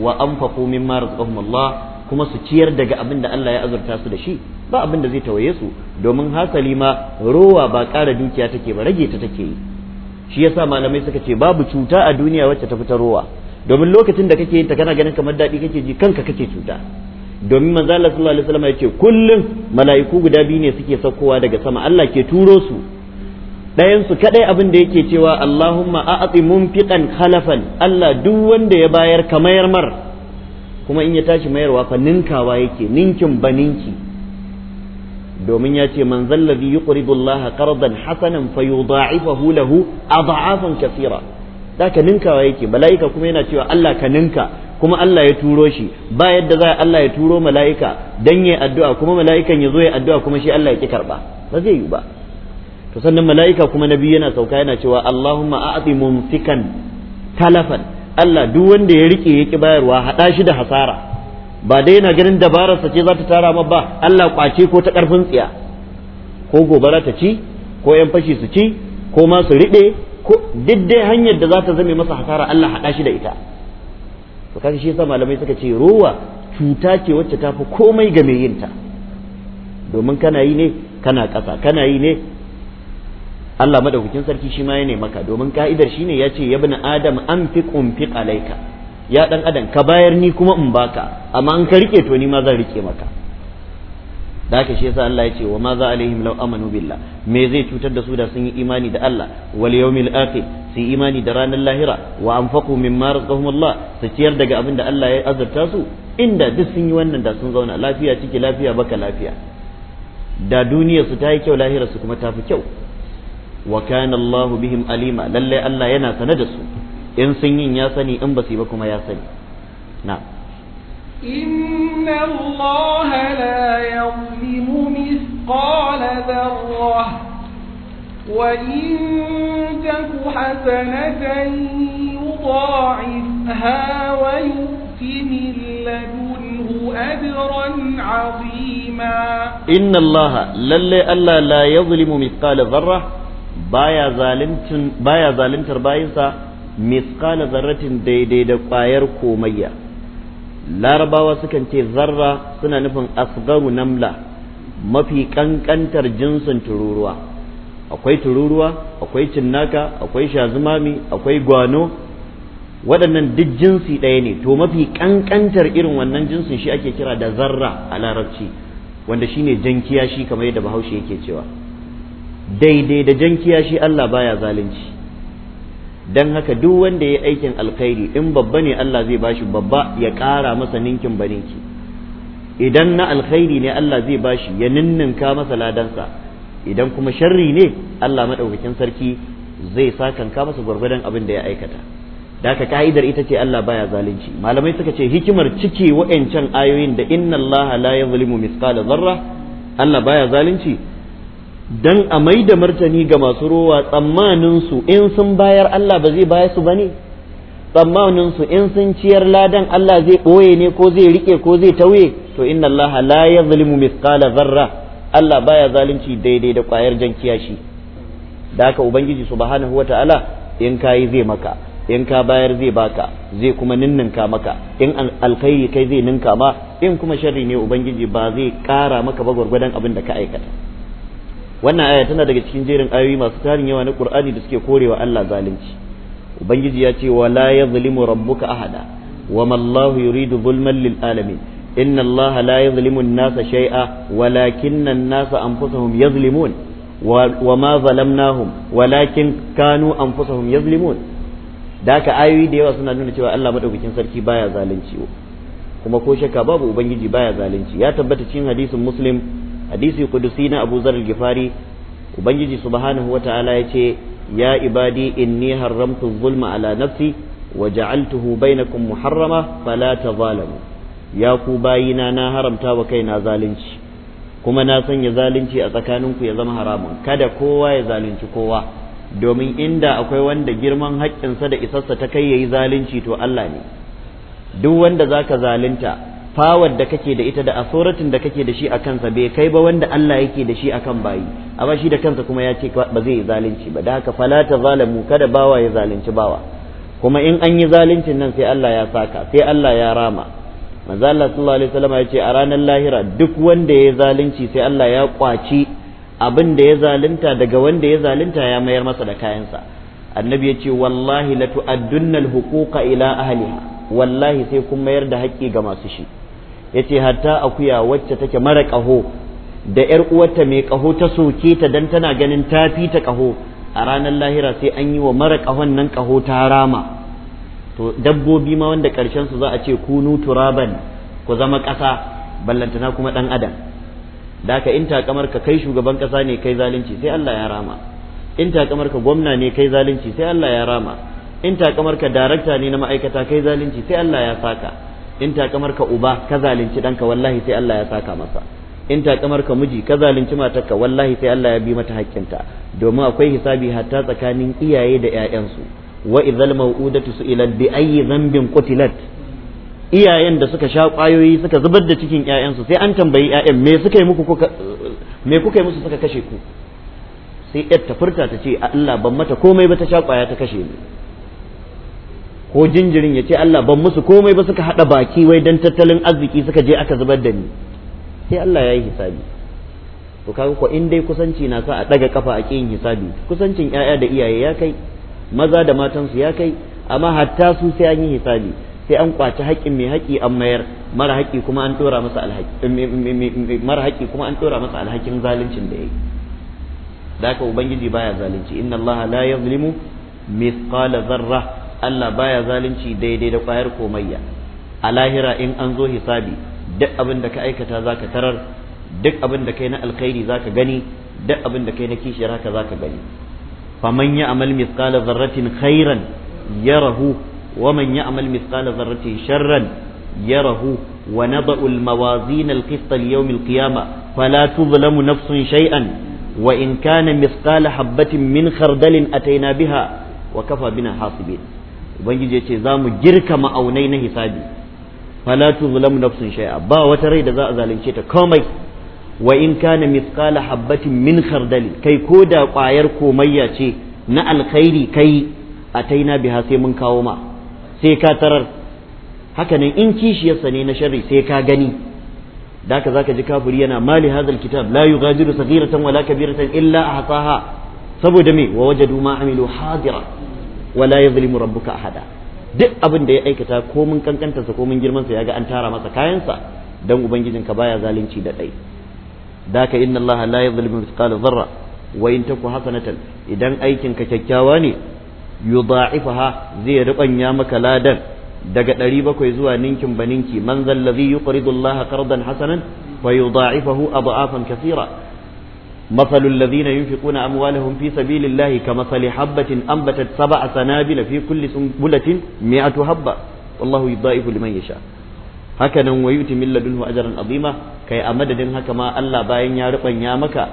wa anfaqu mimma razaqahum Allah kuma su ciyar daga abin da Allah ya azurta su da shi ba abin da zai tawaye su domin hasali ma rowa ba ƙara dukiya take ba rage ta take yi shi yasa malamai suka ce babu cuta a duniya wacce ta ruwa domin lokacin da kake yin ta kana ganin kamar daɗi kake ji kanka kake cuta domin manzo Allah sallallahu alaihi wasallam ya ce kullum mala'iku guda biyu ne suke saukowa daga sama Allah ke turo su ɗayan su kadai abin da yake cewa Allahumma a'ti munfiqan khalafan Allah duk wanda ya bayar ka mayar mar kuma in ya tashi mayarwa fa ninkawa yake ninkin baninki domin ya ce man zallazi yuqridu Allah qardan hasanan fayudha'ifahu lahu adha'afan kathira da ka ninkawa yake mala'ika kuma yana cewa Allah ka ninka kuma Allah ya turo shi ba yadda za Allah ya turo mala'ika dan yayi addu'a kuma mala'ikan ya zo ya addu'a kuma shi Allah ya ki karba ba zai yi ba to sannan mala'ika kuma nabi yana sauka yana cewa Allahumma a'ti mumsikan talafan Allah duk wanda ya rike yake bayarwa hada shi da hasara ba dai yana ganin dabararsa ce za ta tara ma ba Allah kwace ko ta karfin tsiya ko gobara ta ci ko yan fashi su ci ko ma su riɗe ko duk dai hanyar da za ta zame masa hasara Allah haɗa shi da ita to kaga shi yasa malamai suka ce rowa cuta ce wacce ta fi komai ga mai yinta domin kana yi ne kana ƙasa kana yi ne Allah madaukakin sarki shi ma ya maka domin ka'idar shine ya ce yabna adam an fi alaika ya dan adam ka bayar ni kuma in baka amma in ka rike to ni ma zan rike maka da haka shi yasa Allah ya ce wa ma za alaihim law amanu billah me zai cutar da su da sun yi imani da Allah wal yawmil akhir su yi imani da ranar lahira wa anfaqu mimma razaqahum Allah su ciyar daga abin da Allah ya azurta su inda duk sun yi wannan da sun zauna lafiya ciki lafiya baka lafiya da duniyar su ta yi kyau lahirar su kuma ta fi kyau wa kana bihim alima lalle Allah yana sane da su in sun yin ya sani in ba su yi ba kuma ya sani na إن الله لا يظلم مثقال ذرة وإن تك حسنة يضاعفها ويؤت من لدنه أجرا عظيما إن الله للي ألا لا يظلم مثقال ذرة baya zalintar bayinsa misqala zarratin daidai da ƙwayar komayya larabawa sukan ce zarra suna nufin asgaru namla mafi kankantar jinsin tururuwa akwai tururuwa akwai cinnaka akwai shazumami akwai gwano waɗannan duk jinsi ɗaya ne to mafi kankantar irin wannan jinsin shi ake kira da zarra a larabci wanda shine jankiya shi kamar yadda bahaushe yake cewa daidai da jankiya shi Allah baya zalunci dan haka duk wanda ya yi aikin alkhairi in babba ne Allah zai bashi babba ya ƙara masa ninkin baninki idan na alkhairi ne Allah zai bashi ya ninninka masa ladansa idan kuma sharri ne Allah madaukakin sarki zai sakanka masa gwargwadon abin da ya aikata da haka ka'idar ita ce Allah baya zalunci malamai suka ce hikimar cike wa'ancan ayoyin da inna Allah la yuzlimu mithqala zarra Allah baya zalunci dan a mai da martani ga masu rowa tsammanin su in sun bayar Allah ba zai bayar su ne tsammanin su in sun ciyar ladan Allah zai ɓoye ne ko zai rike ko zai tauye to inna Allah la yazlimu misqala zarra Allah baya zalunci daidai da kwayar jan kiyashi da haka ubangiji subhanahu wataala in kai zai maka in ka bayar zai baka zai kuma ninninka maka in alkhairi kai zai ninka ma in kuma sharri ne ubangiji ba zai kara maka ba gwargwadon abin da ka aikata wannan aya tana daga cikin jerin ayoyi masu tarin yawa na Qur'ani da suke korewa Allah zalunci ubangiji ya ce wala yazlimu rabbuka ahada wama Allahu yuridu zulman lil alamin inna Allah la yazlimu an-nasa shay'a walakinna an-nasa anfusahum yazlimun wama zalamnahum walakin kanu anfusahum yazlimun da ayoyi da yawa suna nuna cewa Allah madaukakin sarki baya zalunci kuma ko shakka babu ubangiji baya zalunci ya tabbata cikin hadisin muslim hadisi kudusi na Abu Zar Gifari ubangiji subhanahu wataala yace ya ibadi inni haramtu zulma ala nafsi wa ja'altuhu bainakum muharrama fala tazalamu ya ku bayina na haramta wa kaina zalunci kuma na sanya zalunci a tsakaninku ya zama haramun kada kowa ya zalunci kowa domin inda akwai wanda girman haƙƙinsa da isarsa ta kai yayi zalunci to Allah ne duk wanda zaka zalunta fawar da kake da ita da asoratin da kake da shi a kansa bai kai ba wanda Allah yake da shi akan bayi amma shi da kansa kuma ya ce ba zai yi zalunci ba da haka fala ta zalamu kada bawa ya zalunci bawa kuma in an yi zaluncin nan sai Allah ya saka sai Allah ya rama manzo Allah sallallahu alaihi wasallam ya ce a ranar lahira duk wanda ya zalunci sai Allah ya kwaci abin da ya zalunta daga wanda ya zalunta ya mayar masa da kayansa annabi ya ce wallahi latu'addunnal al-huquqa ila ahliha wallahi sai kun mayar da haƙƙi ga masu shi yace hatta akuya wacce take mara kaho da yar uwarta mai kaho ta soke ta dan tana ganin ta fi ta kaho a ranar lahira sai an yi wa mara kahon nan kaho ta rama to dabbobi ma wanda ƙarshen su za a ce kunu turaban ku zama ƙasa ballantana kuma ɗan adam da ka in takamar ka kai shugaban ƙasa ne kai zalunci sai Allah ya rama in takamar ka gwamna ne kai zalunci sai Allah ya rama in takamar ka darakta ne na ma'aikata kai zalunci sai Allah ya saka in kamar ka uba ka zalunci ɗanka wallahi sai Allah ya saka masa in kamar ka miji ka zalunci matarka wallahi sai Allah ya bi mata haƙƙinta domin akwai hisabi hatta tsakanin iyaye da ƴaƴansu wa mau'udatu su su'ilat bi ayyi dhanbin qutilat iyayen da suka sha ƙwayoyi suka zubar da cikin ƴaƴansu sai an tambayi ƴaƴan me suka yi muku me kuka yi musu suka kashe ku sai yar ta furta ta ce Allah ban mata komai ba ta sha kwaya ta kashe ni ko jinjirin ya ce Allah ban musu komai ba suka haɗa baki wai don tattalin arziki suka je aka zubar da ni sai Allah ya yi hisabi to kaga ko in dai kusanci na sa a ɗaga kafa a yin hisabi kusancin 'ya'ya da iyaye ya kai maza da matansu ya kai amma hatta su sai an yi hisabi sai an kwaci haƙƙin mai haƙƙi an mayar mara haƙƙi kuma an dora masa alhaƙi mara haƙƙi kuma an dora masa alhakin zaluncin da yake da haka ubangiji baya zalunci inna allaha la yazlimu mithqala zarra Allah baya zalunci daidai da kwayar komayya a lahira in an zo hisabi duk abin da ka aikata zaka tarar duk abin da kai na alkhairi zaka gani duk abin da kai na kishiyar haka zaka gani faman ya'mal mithqala dharratin khairan yarahu wa man amal mithqala dharratin sharran يره ونضع الموازين القسط ليوم القيامة nafsun تظلم wa in وإن كان مثقال min من خردل أتينا wa kafa bina حاصبين ubangiji ya ce za mu girka ma'aunai na hisabi fala tuzlamu nafsun shay'a ba wata rai da za a zalunce ta komai wa in kana mithqala habatin min khardali kai ko da kwayar komayya ce na alkhairi kai a taina biha sai mun kawo ma sai ka tarar hakanan in kishiyarsa ne na sharri sai ka gani da haka zaka ji kafiri yana mali hadal kitab la yughadiru saghiratan wala kabiratan illa ahsaha saboda me wa wajadu ma amilu hadira wala yadhlimu rabbuka ahada duk abin da ya aikata ko mun kankanta sa ko mun girman sa ga an tara masa kayansa dan ubangijin ka baya zalunci da dai daka inna allaha la yadhlimu mithqala dharra wa in taku hasanatan idan aikin ka kyakkyawa ne yudha'ifaha zai rubanya maka ladan daga 700 zuwa ninkin baninki man zal ladhi yuqridu allaha qardan hasanan wa yudha'ifahu adha'afan kathira مثل الذين ينفقون أموالهم في سبيل الله كمثل حبة أنبتت سبع سنابل في كل سنبلة مئة حبة والله يضاعف لمن يشاء هكذا ويؤتي من لدنه أجرا عظيما كي أمدد هكما ألا باين يا ya يا مكا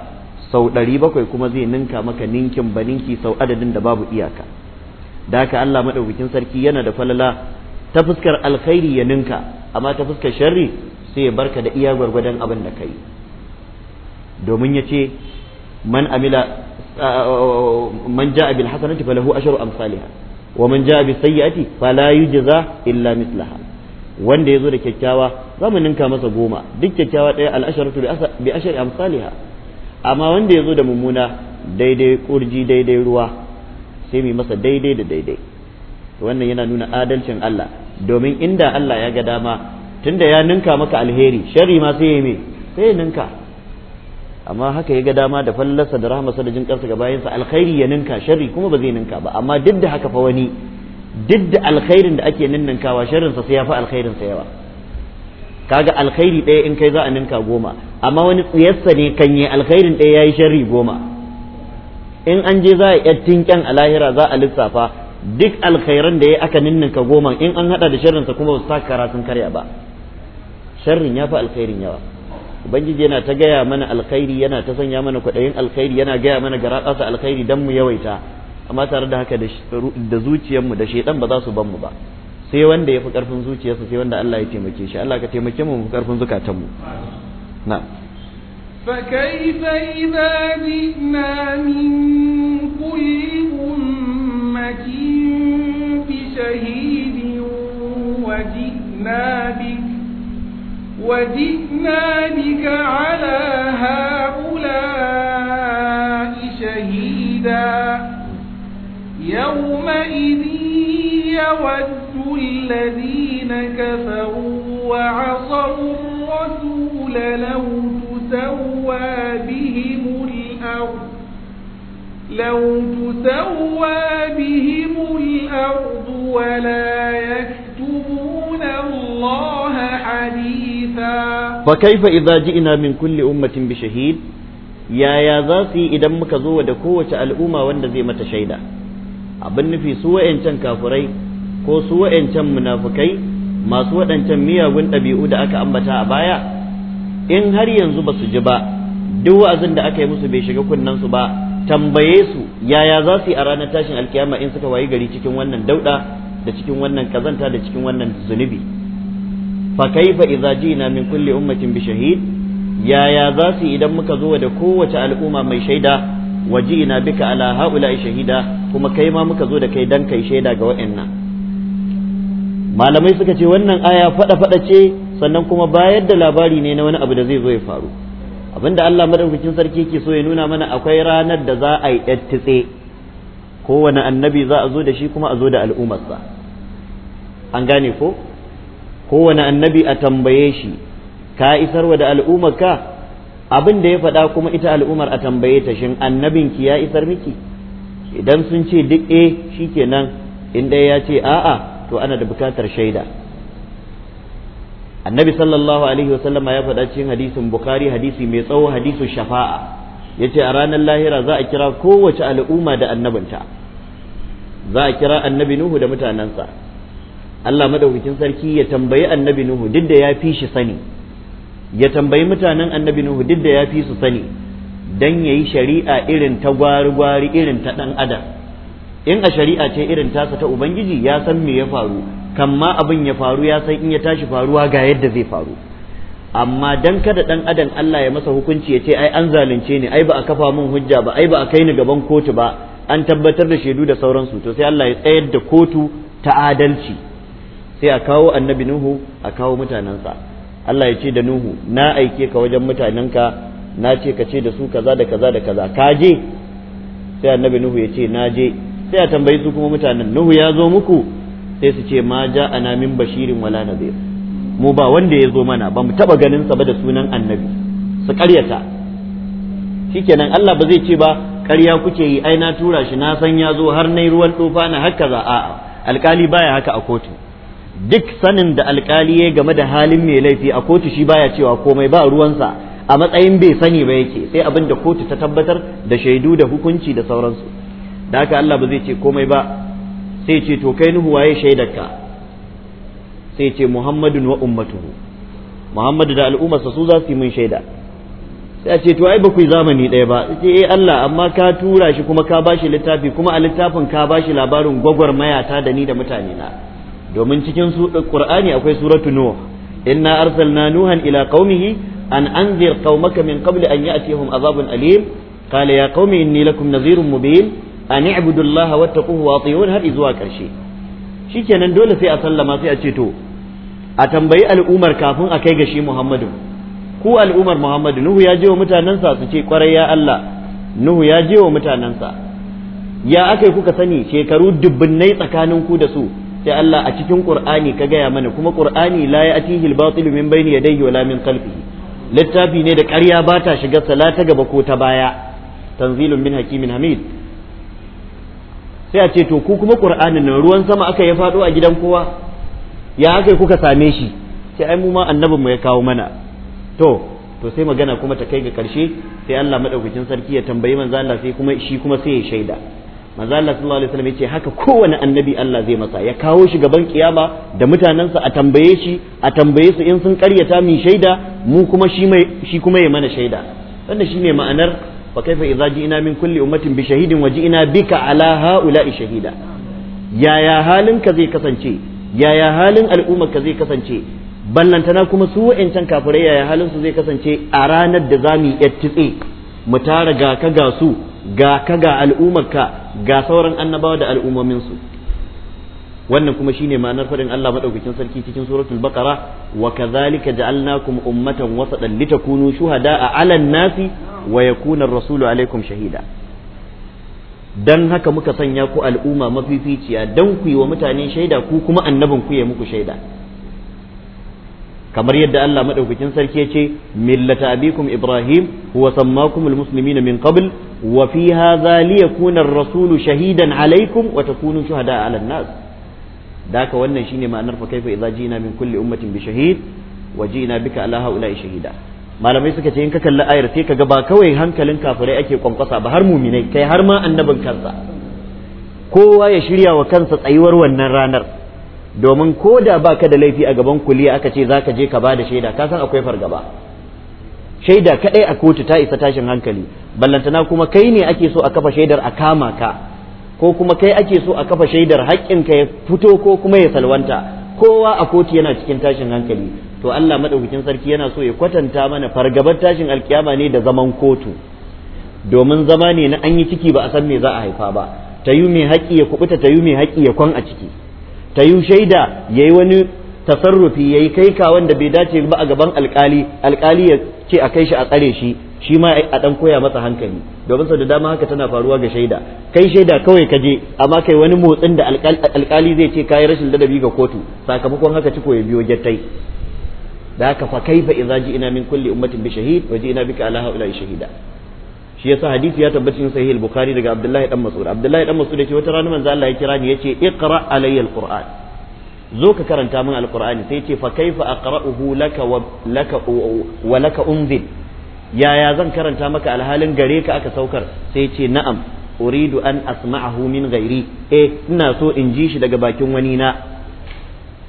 sau ɗari bakwai kuma zai ninka maka ninkin baninki sau adadin da babu iyaka da haka Allah bikin sarki yana da falala ta fuskar alkhairi ya ninka amma ta fuskar sharri sai ya barka da iya gwargwadon abin da ka yi domin ya ce man amila man ja'a bil hasanati falahu asharu amsalha wa man ja'a bis sayyi'ati fala yujza illa mithlaha wanda yazo da kyakkyawa za mu ninka masa goma duk kyakkyawa ɗaya asharatu bi ashari amsalha amma wanda yazo da mummuna daidai kurji daidai ruwa sai mu masa daidai da daidai wannan yana nuna adalcin Allah domin inda Allah ya ga dama tunda ya ninka maka alheri shari ma sai ya mai sai ya ninka amma haka ya ga dama da fallasa da rahmasa da jin karsa ga bayansa alkhairi ya ninka sharri kuma ba zai ninka ba amma duk da haka fa wani duk da alkhairin da ake ninninkawa sharrinsa sai ya fi alkhairinsa yawa kaga alkhairi ɗaya in kai za a ninka goma amma wani tsiyarsa ne kan yi alkhairin ɗaya ya yi sharri goma in an je za a yi tinken a lahira za a lissafa duk alkhairan da ya aka ninninka goma in an hada da sharrinsa kuma ba su kara karya ba sharrin ya fi alkhairin yawa ubangiji yana ta gaya mana alkhairi yana ta sanya mana kwaɗayin alkhairi yana gaya mana garaɗasa alkhairi dan mu yawaita amma tare da haka da zuciyarmu da shaidan ba za su ban mu ba sai wanda ya fi karfin zuciyarsa sai wanda Allah ya taimake shi Allah ka taimake mu mu karfin zukatanmu na فكيف إذا جئنا من كل أمة بشهيد وجئنا بك وجئنا بك على هؤلاء شهيدا يومئذ يود الذين كفروا وعصوا الرسول لو تسوى بهم الأرض لو تسوى بهم الأرض ولا يكتبون الله حديثا فكيف إذا جئنا من كل أمة بشهيد يا يا ذاتي إذا مكزو ودكوة الأمة والنزي متشهيدا أبن في سوء إن kafurai ko su wa'ancan munafukai masu waɗancan miyagun ɗabi'u da aka ambata a baya in har yanzu ba su ji ba duk wa'azin da aka yi musu bai shiga kunnensu su ba tambaye su yaya za su yi a ranar tashin alkiyama in suka wayi gari cikin wannan dauda da cikin wannan kazanta da cikin wannan zunubi fa kaifa idza jina min kulli ummatin bi shahid yaya za su idan muka zo da kowace al'umma mai shaida wa ina bika ala haula shahida kuma kai ma muka zo da kai dan kai shaida ga wa'annan malamai suka ce wannan aya fada fada ce sannan kuma bayar da labari ne na wani abu da zai zo ya faru abinda Allah madaukakin sarki yake so ya nuna mana akwai ranar da za a yi yattitse kowane annabi za a zo da shi kuma a zo da al'ummarsa an gane ko kowane annabi a tambaye shi ka isarwa da ka abin da ya faɗa kuma ita al'ummar a tambaye ta shin annabinki ya isar miki idan sun ce duk eh shikenan in ɗaya ya ce a'a to ana da bukatar shaida annabi sallallahu alaihi wasallam ya faɗa cikin hadisin bukari hadisi mai tsawo hadisu shafa'a ya ce a ranar lahira za a kira kowace al'umma da annabinta za a kira annabi nuhu da mutanensa Allah madaukakin sarki ya tambayi annabi Nuhu duk da ya fi shi sani ya tambayi mutanen annabi Nuhu duk da ya fi su sani dan yayi shari'a irin ta gwari-gwari irin ta dan adam in a shari'a ce irin tasa ta ubangiji ya san me ya faru kamma abin ya faru ya san in ya tashi faruwa ga yadda zai faru amma dan kada ɗan adam Allah ya masa hukunci ya ce ai an zalunce ni ai ba a kafa min hujja ba ai ba a kai ni gaban kotu ba an tabbatar da shaidu da sauran su to sai Allah ya tsayar da kotu ta adalci sai a kawo annabi nuhu a kawo mutanensa Allah ya ce da nuhu na aike ka wajen mutanenka na ce ka ce da su kaza da kaza da kaza ka je sai annabi nuhu ya ce na je sai a tambayi su kuma mutanen nuhu ya zo muku sai su ce ma ja ana min bashirin wala nadir mu ba wanda ya zo mana ba mu taba ganin sa ba da sunan annabi su karyata shikenan Allah ba zai ce ba karya kuke yi ai na tura shi na san ya zo har nai ruwan tofa na haka za a'a alkali baya haka a kotu duk sanin da alkali ya game da halin mai laifi a kotu shi baya cewa komai ba ruwansa a matsayin bai sani ba yake sai abin da kotu ta tabbatar da shaidu da hukunci da sauransu da haka Allah ba zai ce komai ba sai ce to kai nuhu waye shaidarka sai ce muhammadun wa ummatuhu muhammadu da al'ummarsa su za su yi min shaida sai a ce to ai ba ku zamani ɗaya ba sai eh Allah amma ka tura shi kuma ka bashi littafi kuma a littafin ka bashi labarin mayata da ni da mutane na domin cikin su eh, qur'ani akwai suratu nuh inna arsalna nuhan ila qaumihi an anzir qaumaka min qabli an ya'tihum azabun alim qala ya qaumi inni lakum nadhirun mubin an i'budu allaha wattaquhu wa atiyun har zuwa karshe shikenan dole sai a sallama sai a ce to a tambayi al'umar kafin a kai gashi Muhammadu ku al'umar Muhammadu Nuhu ya je wa mutanensa su ce kwarai ya Allah Nuhu ya je wa mutanensa ya aka kuka sani shekaru dubbunnai tsakanin ku da su sai Allah a cikin Qur'ani ka gaya mana kuma Qur'ani la ya'tihi al-batil min bayni yadayhi la min khalfihi littafi ne da ƙarya ba ta shiga sala ta gaba ko ta baya tanzilun min hakimin hamid sai a ce to ku kuma Qur'anin nan ruwan sama aka ya fado a gidan kowa ya aka kuka same shi sai ai mu ma annabin mu ya kawo mana to to sai magana kuma ta kai ga ƙarshe sai Allah madaukakin sarki ya tambayi manzo Allah sai kuma shi kuma sai ya shaida manzo Allah sallallahu alaihi wasallam yace haka kowane annabi Allah zai masa ya kawo shi gaban kiyama da mutanensa a tambaye shi a tambaye su in sun karyata mi shaida mu kuma shi kuma ya mana shaida wannan shine ma'anar fa kaifa idza ina min kulli ummatin bi shahidin wa ji'na bika ala ha'ula'i shahida yaya halin ka zai kasance yaya halin al'ummar ka zai kasance ballantana kuma su wa'ancan kafirai yaya halin su zai kasance a ranar da zamu yi titse mu tara ga ka ga su ga ka ga al'ummarka ga sauran annabawa da al'ummominsu wannan kuma shine ma'anar faɗin Allah madaukakin sarki cikin suratul baqara wa kadhalika ja'alnakum ummatan wasatan litakunu shuhada'a 'alan nasi wa yakuna ar-rasulu 'alaykum shahida dan haka muka sanya ku al'umma mafificiya dan ku yi wa mutane shaida ku kuma annabin ku ya muku shaida kamar yadda Allah madaukakin sarki ya ce millata abikum ibrahim huwa sammakumul muslimina min qabl wa fi hadha liyakuna ar-rasulu shahidan alaykum wa takunu shuhada 'ala nas daka wannan shine ma'anar fa kaifa idza jina min kulli ummatin bi shahid wa jina bika ala haula'i shahida malamai suka ce in ka kalli ayar sai kaga ba kawai hankalin kafirai ake kwankwasa ba har muminai kai har ma annabin kansa kowa ya shirya wa kansa tsayuwar wannan ranar domin ko da ba ka da laifi a gaban kuliya aka ce za ka je ka ba da shaida ka san akwai fargaba shaida kadai a kotu ta isa tashin hankali ballantana kuma kai ne ake so a kafa shaidar a kama ka ko kuma kai ake so a kafa shaidar haƙƙin ka ya fito ko kuma ya salwanta kowa a kotu yana cikin tashin hankali to Allah madaukakin sarki yana so ya kwatanta mana fargabar tashin alkiyama ne da zaman kotu domin zama ne na an yi ciki ba a san me za a haifa ba ta yi haƙƙi ya kubuta ta yi mai haƙƙi ya kwan a ciki ta yi shaida ya yi wani tasarrufi ya yi kai ka wanda bai dace ba a gaban alkali alkali ya ce a kai shi a tsare shi shi ma a ɗan koya masa hankali domin sau da dama haka tana faruwa ga shaida kai shaida kawai ka je amma kai wani motsin da alkali zai ce kayi rashin ladabi ga kotu sakamakon haka ciko ya biyo jattai da haka fa kaifa idza ji ina min kulli ummatin bi shahid wa ji ina bika ala haula shahida shi yasa hadisi ya tabbata cikin sahih al-bukhari daga abdullahi dan mas'ud abdullahi dan mas'ud yace wata rana manzo Allah ya kira ni yace iqra alayya al-qur'an zo ka karanta min al-qur'ani sai yace fa kaifa aqra'uhu laka wa laka wa laka unzil yaya zan karanta maka alhalin gare ka aka saukar sai yace na'am uridu an asma'ahu min ghairi eh ina so in ji shi daga bakin wani na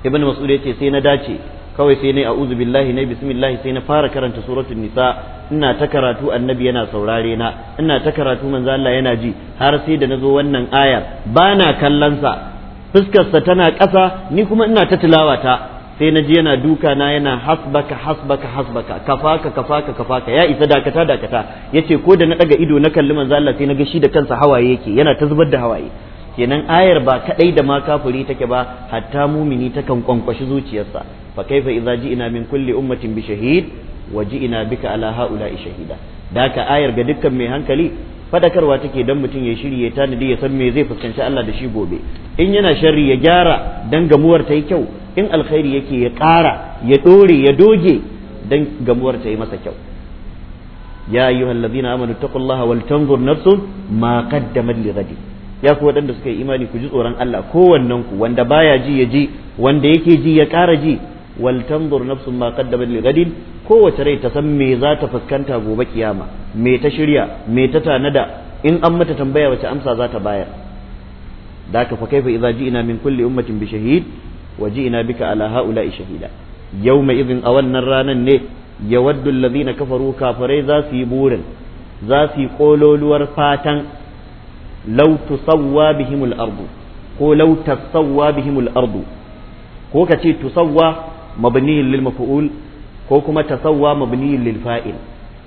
ibn mas'ud yace sai na dace kawai sai na a'udhu billahi na bismillah sai na fara karanta suratul nisa ina ta karatu annabi yana saurare na ina ta karatu manzo Allah yana ji har sai da nazo wannan ayar bana kallon sa fuskarsa tana ƙasa ni kuma ina ta tilawata sai na ji yana duka na yana hasbaka hasbaka hasbaka kafaka kafaka kafaka ya isa dakata dakata yace ko da na daga ido na kalli manzo Allah sai na ga shi da kansa hawaye yake yana ta zubar da hawaye kenan ayar ba kadai da ma kafuri take ba hatta mumini takan kwankwashi zuciyarsa fa kaifa idza ji'na min kulli ummatin bi shahid waji'ina bika ala haula'i shahida da ka ayar ga dukkan mai hankali fadakarwa take dan mutum ya shirye ta tanadi ya san me zai fuskanci Allah da shi gobe in yana sharri ya gyara dan gamuwar ta yi kyau in alkhairi yake ya ƙara ya dore ya doge dan gamuwar ta yi masa kyau ya ayyuhal ladina amanu taqullaha wal tanzur nafsun ma qaddamat li ya ku waɗanda suka yi imani ku ji tsoron Allah kowannen ku wanda baya ji ya ji wanda yake ji ya ƙara ji waltanzur nafsun ma qaddamat lighadin kowace rai ta san me za ta fuskanta gobe kiyama me ta shirya me ta tanada in an mata tambaya wace amsa za ta bayar da ka fa kaifa idza ji'na min kulli ummatin bi shahid wa ji'na bika ala haula'i shahida yawma idhin a wannan ranan ne yawaddu alladhina kafaru kafarai za su yi burin za su yi kololuwar fatan law tusawwa bihimul ardu ko law tasawwa bihimul ardu ko ka ce tusawwa mabniyin lil maf'ul ko kuma tasawwa mabniyin lil fa'il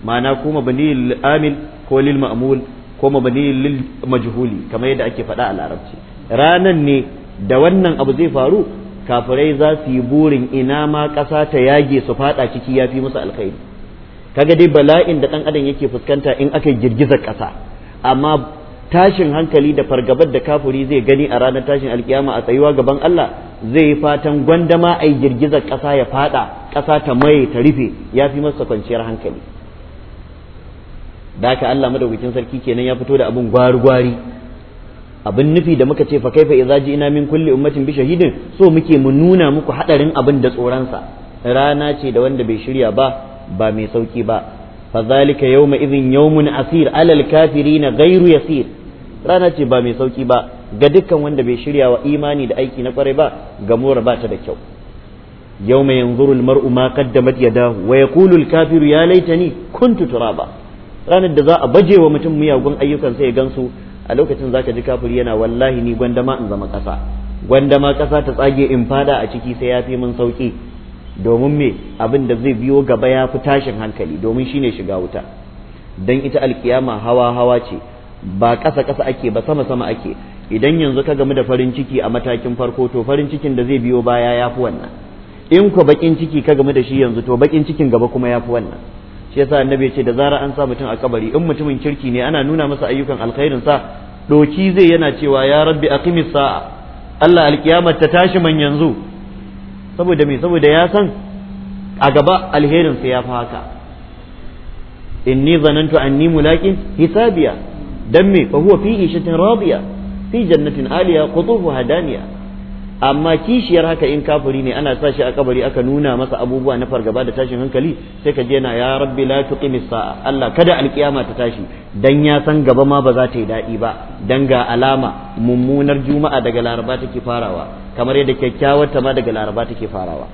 ma'ana ko mabniyin lil amil ko lil ma'mul ko mabniyin lil majhuli kamar yadda ake faɗa a larabci ranan ne da wannan abu zai faru kafirai za su yi burin ina ma ƙasa ta yage su faɗa ciki ya fi musu alkhairi kaga dai bala'in da ɗan adam yake fuskanta in aka girgiza ƙasa amma tashin hankali da fargabar da kafuri zai gani a ranar tashin alkiyama a tsayuwa gaban Allah zai yi fatan gwandama a yi girgizar ƙasa ya faɗa ƙasa ta maye ta rufe ya fi masa kwanciyar hankali da haka Allah madaukakin sarki kenan ya fito da abin gwari-gwari abin nufi da muka ce fa kaifa idza ina min kulle ummatin bi shahidin so muke mu nuna muku hadarin abin da tsoronsa rana ce da wanda bai shirya ba ba mai sauki ba fa zalika yawma idhin yawmun asir alal kafiri kafirina ghairu yasir rana ce ba mai sauki ba ga dukkan wanda bai shirya wa imani da aiki na kwarai ba mura ba ta da kyau yau mai yanzurul mar'u ma qaddamat yadahu wa yaqulu al-kafiru ya laitani kuntu turaba ranar da za a baje wa mutum miyagun ayyukan sai ya gansu a lokacin zaka ji kafiri yana wallahi ni gwandama in zama kasa gwandama kasa ta tsage in fada a ciki sai ya fi mun sauki domin me abin da zai biyo gaba ya fi tashin hankali domin shine shiga wuta dan ita alkiyama hawa hawa ce ba kasa kasa ake ba sama sama ake idan yanzu ka gamu da farin ciki a matakin farko to farin cikin da zai biyo baya ya fi wannan in ku bakin ciki ka gamu da shi yanzu to bakin cikin gaba kuma ya fi wannan shi yasa annabi ce da zara an sa mutum a kabari in mutumin kirki ne ana nuna masa ayyukan alkhairin sa doki zai yana cewa ya rabbi aqimis sa'a Allah alkiyamar ta tashi man yanzu saboda me saboda ya san a gaba alherin sa ya fi haka inni zanantu anni mulaqin hisabiya dan me fa huwa fi ishatin radiya fi jannatin aliya qutufu hadaniya amma kishiyar haka in kafiri ne ana sa shi a kabari aka nuna masa abubuwa na fargaba da tashin hankali sai ka je na ya rabbi la tuqimi sa'a Allah kada alkiyama ta tashi dan ya san gaba ma ba za ta yi daɗi ba dan ga alama mummunar juma'a daga laraba take farawa kamar yadda kyakkyawar ta ma daga laraba take farawa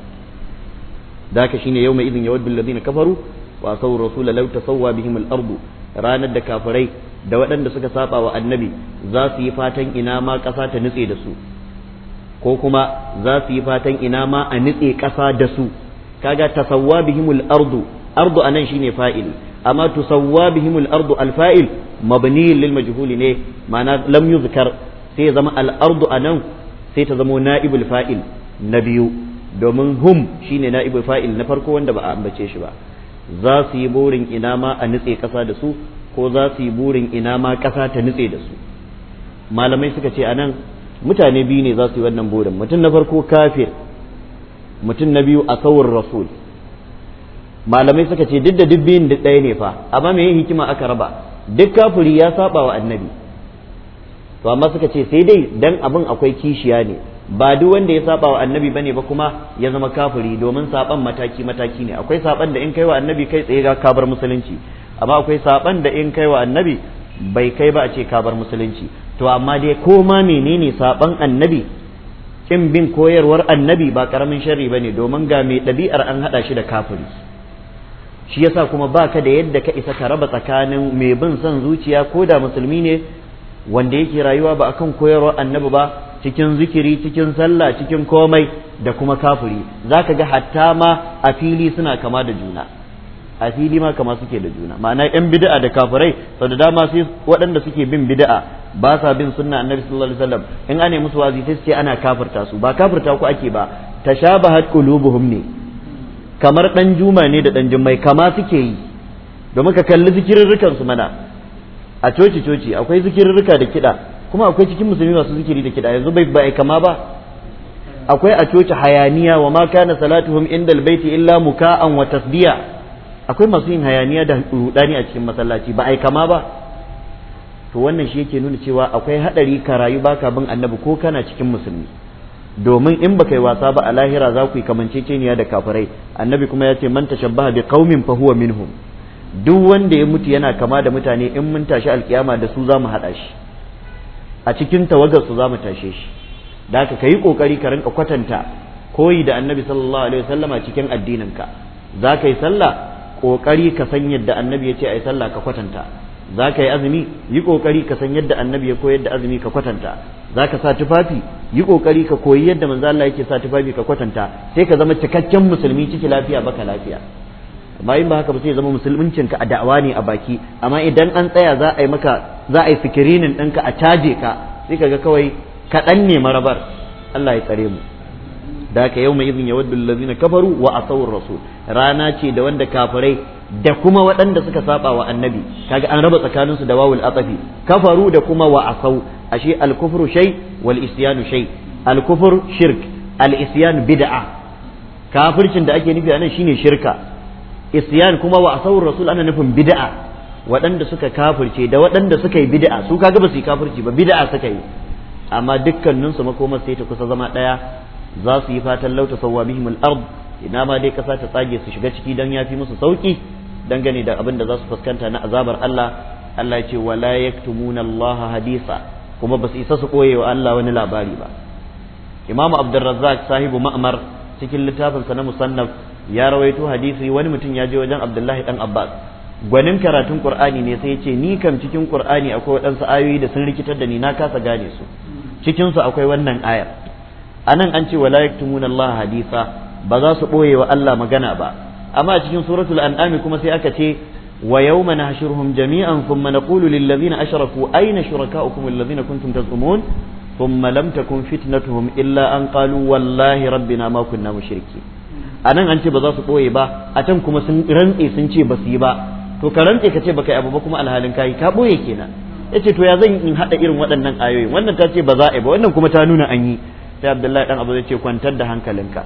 da haka shine yawma idin yawaddu alladhina kafaru wa sawu rasul law tasawwa bihim al-ardu ranar da kafirai da waɗanda suka saba wa annabi za su yi fatan ina ma ƙasa ta nutse da su ko kuma za su yi fatan ina ma a nutse ƙasa da su kaga tasawwa bihimul ardu ardu anan shine fa'il amma tusawwa bihimul ardu alfa'il mabni lil majhuli ne ma'ana lam yuzkar sai zama al ardu anan sai ta zamo na'ibul fa'il na biyu domin hum shine na'ibul fa'il na farko wanda ba a ambace shi ba za su yi burin ina ma a nutse ƙasa da su ko za su yi burin ina ma ƙasa ta nutse da su malamai suka ce anan mutane biyu ne za su yi wannan burin mutum na farko kafir mutum na biyu a asawar rasul malamai suka ce duk da duk biyun da ɗaya ne fa amma me hikima aka raba duk kafiri ya saba wa annabi to amma suka ce sai dai dan abin akwai kishiya ne ba duk wanda ya saba wa annabi bane ba kuma ya zama kafuri domin saban mataki mataki ne akwai saban da in kai wa annabi kai tsaye ga kabar musulunci amma akwai saban da in kai wa annabi bai kai ba a ce kabar musulunci to amma dai ko ma menene saban annabi kin bin koyarwar annabi ba karamin sharri bane domin ga mai ɗabi'ar an haɗa shi da kafiri shi yasa kuma baka da yadda ka isa ka raba tsakanin mai bin son zuciya ko da musulmi ne wanda yake rayuwa ba akan koyarwar annabi ba cikin zikiri cikin sallah cikin komai da kuma kafiri zaka ga hatta ma a fili suna kama da juna a fili ma kama suke da juna ma'ana yan bid'a da kafirai sau da dama sai waɗanda suke bin bid'a ba sa bin sunna annabi sallallahu alaihi wasallam in ane musu wazi sai ce ana kafirta su ba kafirta ku ake ba tashabahat qulubuhum ne kamar dan juma ne da dan jummai kama suke yi domin ka kalli zikirin su mana a coci coci akwai zikirin rika da kiɗa kuma akwai cikin musulmi masu zikiri da kiɗa yanzu bai ba kama ba akwai a coci hayaniya wa ma kana salatuhum indal baiti illa muka'an wa tasdiya akwai masu yin hayaniya da rudani a cikin masallaci ba ai kama ba to wannan shi yake nuna cewa akwai hadari ka rayu baka bin annabi ko kana cikin musulmi domin in baka yi wasa ba a lahira za ku yi kamanceceniya da kafirai annabi kuma ya ce man tashabbaha bi qaumin fa huwa minhum duk wanda ya mutu yana kama da mutane in mun tashi alkiyama da su za mu haɗa shi a cikin tawagar su za mu tashe shi da ka kayi kokari ka rinka kwatanta koyi da annabi sallallahu alaihi wasallama cikin ka za ka yi sallah kokari ka san yadda annabi ya ce ai sallah ka kwatanta zaka yi azumi yi kokari ka san yadda annabi ya koyar da azumi ka kwatanta zaka sa tufafi yi kokari ka koyi yadda manzo Allah yake sa tufafi ka kwatanta sai ka zama cikakken musulmi ciki lafiya baka lafiya amma in ba haka ba sai zama musulmincin ka a da'awa ne a baki amma idan an tsaya za a yi maka za a yi fikirinin ɗinka a caje ka sai ka ga kawai kaɗan ne marabar Allah ya tsare mu da haka yau mai izin ya waddu lazina kafaru wa asawur rasul rana ce da wanda kafirai da kuma waɗanda suka saba wa annabi kaga an raba tsakaninsu da wawul atafi kafaru da kuma wa asau ashe al shay wal isyanu shay al shirk al-isyan bid'a kafircin da ake nufi anan shine shirka isyan kuma wa asawur rasul ana nufin bid'a waɗanda suka kafirce da waɗanda suka yi bid'a su kaga ba su yi kafirci ba bid'a suka yi amma dukkaninsu makomar sai ta kusa zama ɗaya za su yi fatan lauta sawwa bihim al-ard ina ma dai kasa ta tsage su shiga ciki dan yafi musu sauki dangane da abin da za su fuskanta na azabar Allah Allah ya ce wala yaktumuna Allah hadisa kuma ba su isa su koye wa Allah wani labari ba Imam Abdurrazzaq sahibu Ma'mar cikin littafinsa na musannaf ya rawaito hadisi wani mutum ya je wajen Abdullahi dan Abbas gwanin karatun Qur'ani ne sai ya ce ni kam cikin Qur'ani akwai waɗansu ayoyi da sun rikitar da ni na kasa gane su cikin su akwai wannan ayar anan an ce wala yaktumuna Allah haditha ba za su boye wa Allah magana ba amma a cikin suratul an'ami kuma sai aka ce wa yawma nahshuruhum jami'an thumma naqulu lil ladzina ashraku ayna shurakaukum alladhina kuntum tazumun thumma lam takun fitnatuhum illa an qalu wallahi rabbina ma kunna mushriki anan an ce ba za su boye ba a can kuma sun rantse sun ce ba su yi ba to ka rantse ka ce baka yi abu ba kuma alhalin kai ka boye kenan yace to ya zan in hada irin waɗannan ayoyi wannan ta ce ba za a yi ba wannan kuma ta nuna an yi sai abdullahi dan abu zai ce kwantar da hankalinka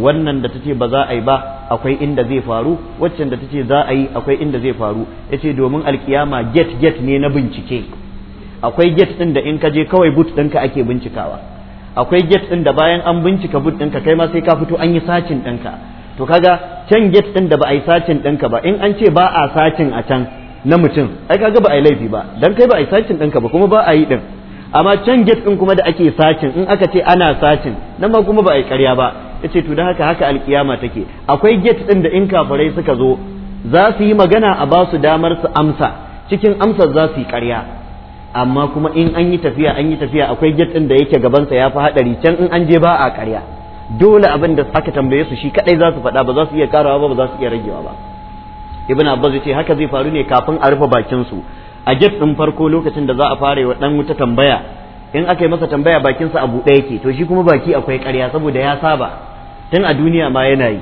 wannan da tace ba za a yi ba akwai inda zai faru waccan da tace za a yi akwai inda zai faru yace domin alkiyama get get ne na bincike akwai get din da in ka je kawai but ɗinka ake bincikawa akwai get din da bayan an bincika but ɗinka kai ma sai ka fito an yi sacin ɗinka to kaga can get din da ba a yi sacin ɗinka ba in an ce ba a sacin a can na mutum ai kaga ba a yi laifi ba dan kai ba a yi sacin ɗinka ba kuma ba a yi ɗin amma can gate din kuma da ake sacin in aka ce ana sacin nan ma kuma ba a yi ƙarya ba yace to dan haka haka alkiyama take akwai gate din da in kafirai suka zo za su yi magana a ba su damar su amsa cikin amsar za su yi ƙarya amma kuma in an yi tafiya an yi tafiya akwai gate din da yake gabansa ya fi haɗari can in an je ba a ƙarya dole abin da aka tambaye su shi kadai za su faɗa ba za su iya karawa ba ba za su iya ragewa ba ibn abbas ya ce haka zai faru ne kafin a rufe bakin su a get ɗin farko lokacin da za a fara wa dan wuta tambaya in aka yi masa tambaya bakinsa a buɗe yake to shi kuma baki akwai ƙarya saboda ya saba tun a duniya ma yana yi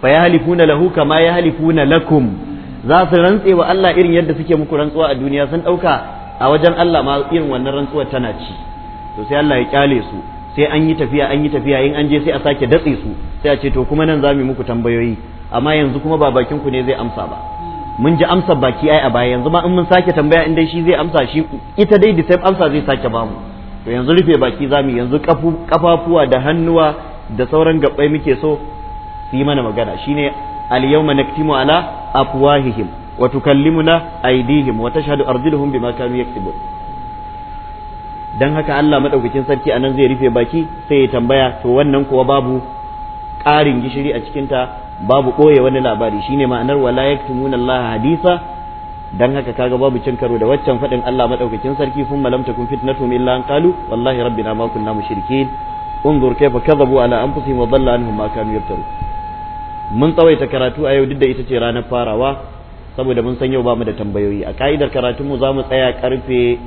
fa ya halifuna lahu kama ya halifuna lakum za su rantse wa Allah irin yadda suke muku rantsuwa a duniya sun ɗauka a wajen Allah ma irin wannan rantsuwar tana ci to sai Allah ya kyale su sai an yi tafiya an yi tafiya in an je sai a sake datse su sai a ce to kuma nan za mu muku tambayoyi amma yanzu kuma ba bakin ku ne zai amsa ba mun ji amsar baki ai a baya yanzu ma in mun sake tambaya in dai shi zai amsa shi ita dai da amsa zai sake bamu to yanzu rufe baki zamu yanzu kafafuwa da hannuwa da sauran gabbai muke so su yi mana magana shine al yawma naktimu ala afwahihim wa tukallimuna aydihim wa tashhadu arjuluhum bima kanu yaktubun dan haka Allah madaukakin sarki anan zai rufe baki sai ya tambaya to wannan kuwa babu ƙarin gishiri a cikinta babu koye wani labari shine ma'anar wala yaktumuna Allah hadisa dan haka kaga babu cin karo da waccan fadin Allah madaukakin sarki fun malam takun fitnatum illa an qalu wallahi rabbina ma kunna mushrikin unzur kayfa kadhabu ala anfusihim wa dhalla anhum ma kanu yaftaru mun tsawaita karatu a yau duk da ita ce ranar farawa saboda mun san yau bamu da tambayoyi a ka'idar karatun mu zamu tsaya karfe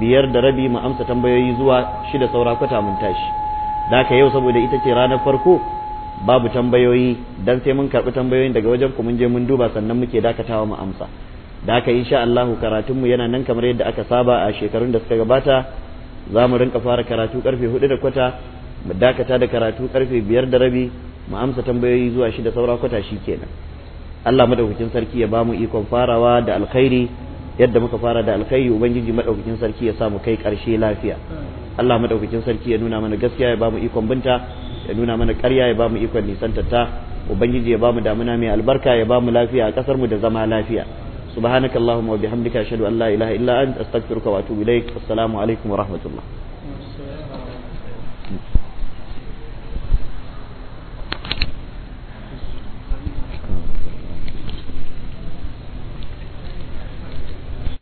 biyar da rabi mu amsa tambayoyi zuwa shida saura kwata mun tashi da haka yau saboda ita ce ranar farko babu tambayoyi dan sai mun karɓi tambayoyin daga wajen ku mun je mun duba sannan muke dakatawa mu amsa da haka insha Allah karatun mu yana nan kamar yadda aka saba a shekarun da suka gabata za mu rinka fara karatu karfe hudu da kwata mu dakata da karatu karfe biyar da rabi mu amsa tambayoyi zuwa da saura kwata kenan Allah madaukakin sarki ya bamu ikon farawa da alkhairi yadda muka fara da alkhairi ubangiji madaukakin sarki ya sa mu kai karshe lafiya Allah madaukakin sarki ya nuna mana gaskiya ya bamu ikon binta ya nuna mana ƙarya ya ba mu ikon nisantatta ubangiji ya ba mu damuna mai albarka ya ba mu lafiya a ƙasar mu da zama lafiya subhanakallahumma wa bihamdika ashhadu an la ilaha illa anta astaghfiruka wa atubu ilaik assalamu alaikum wa rahmatullah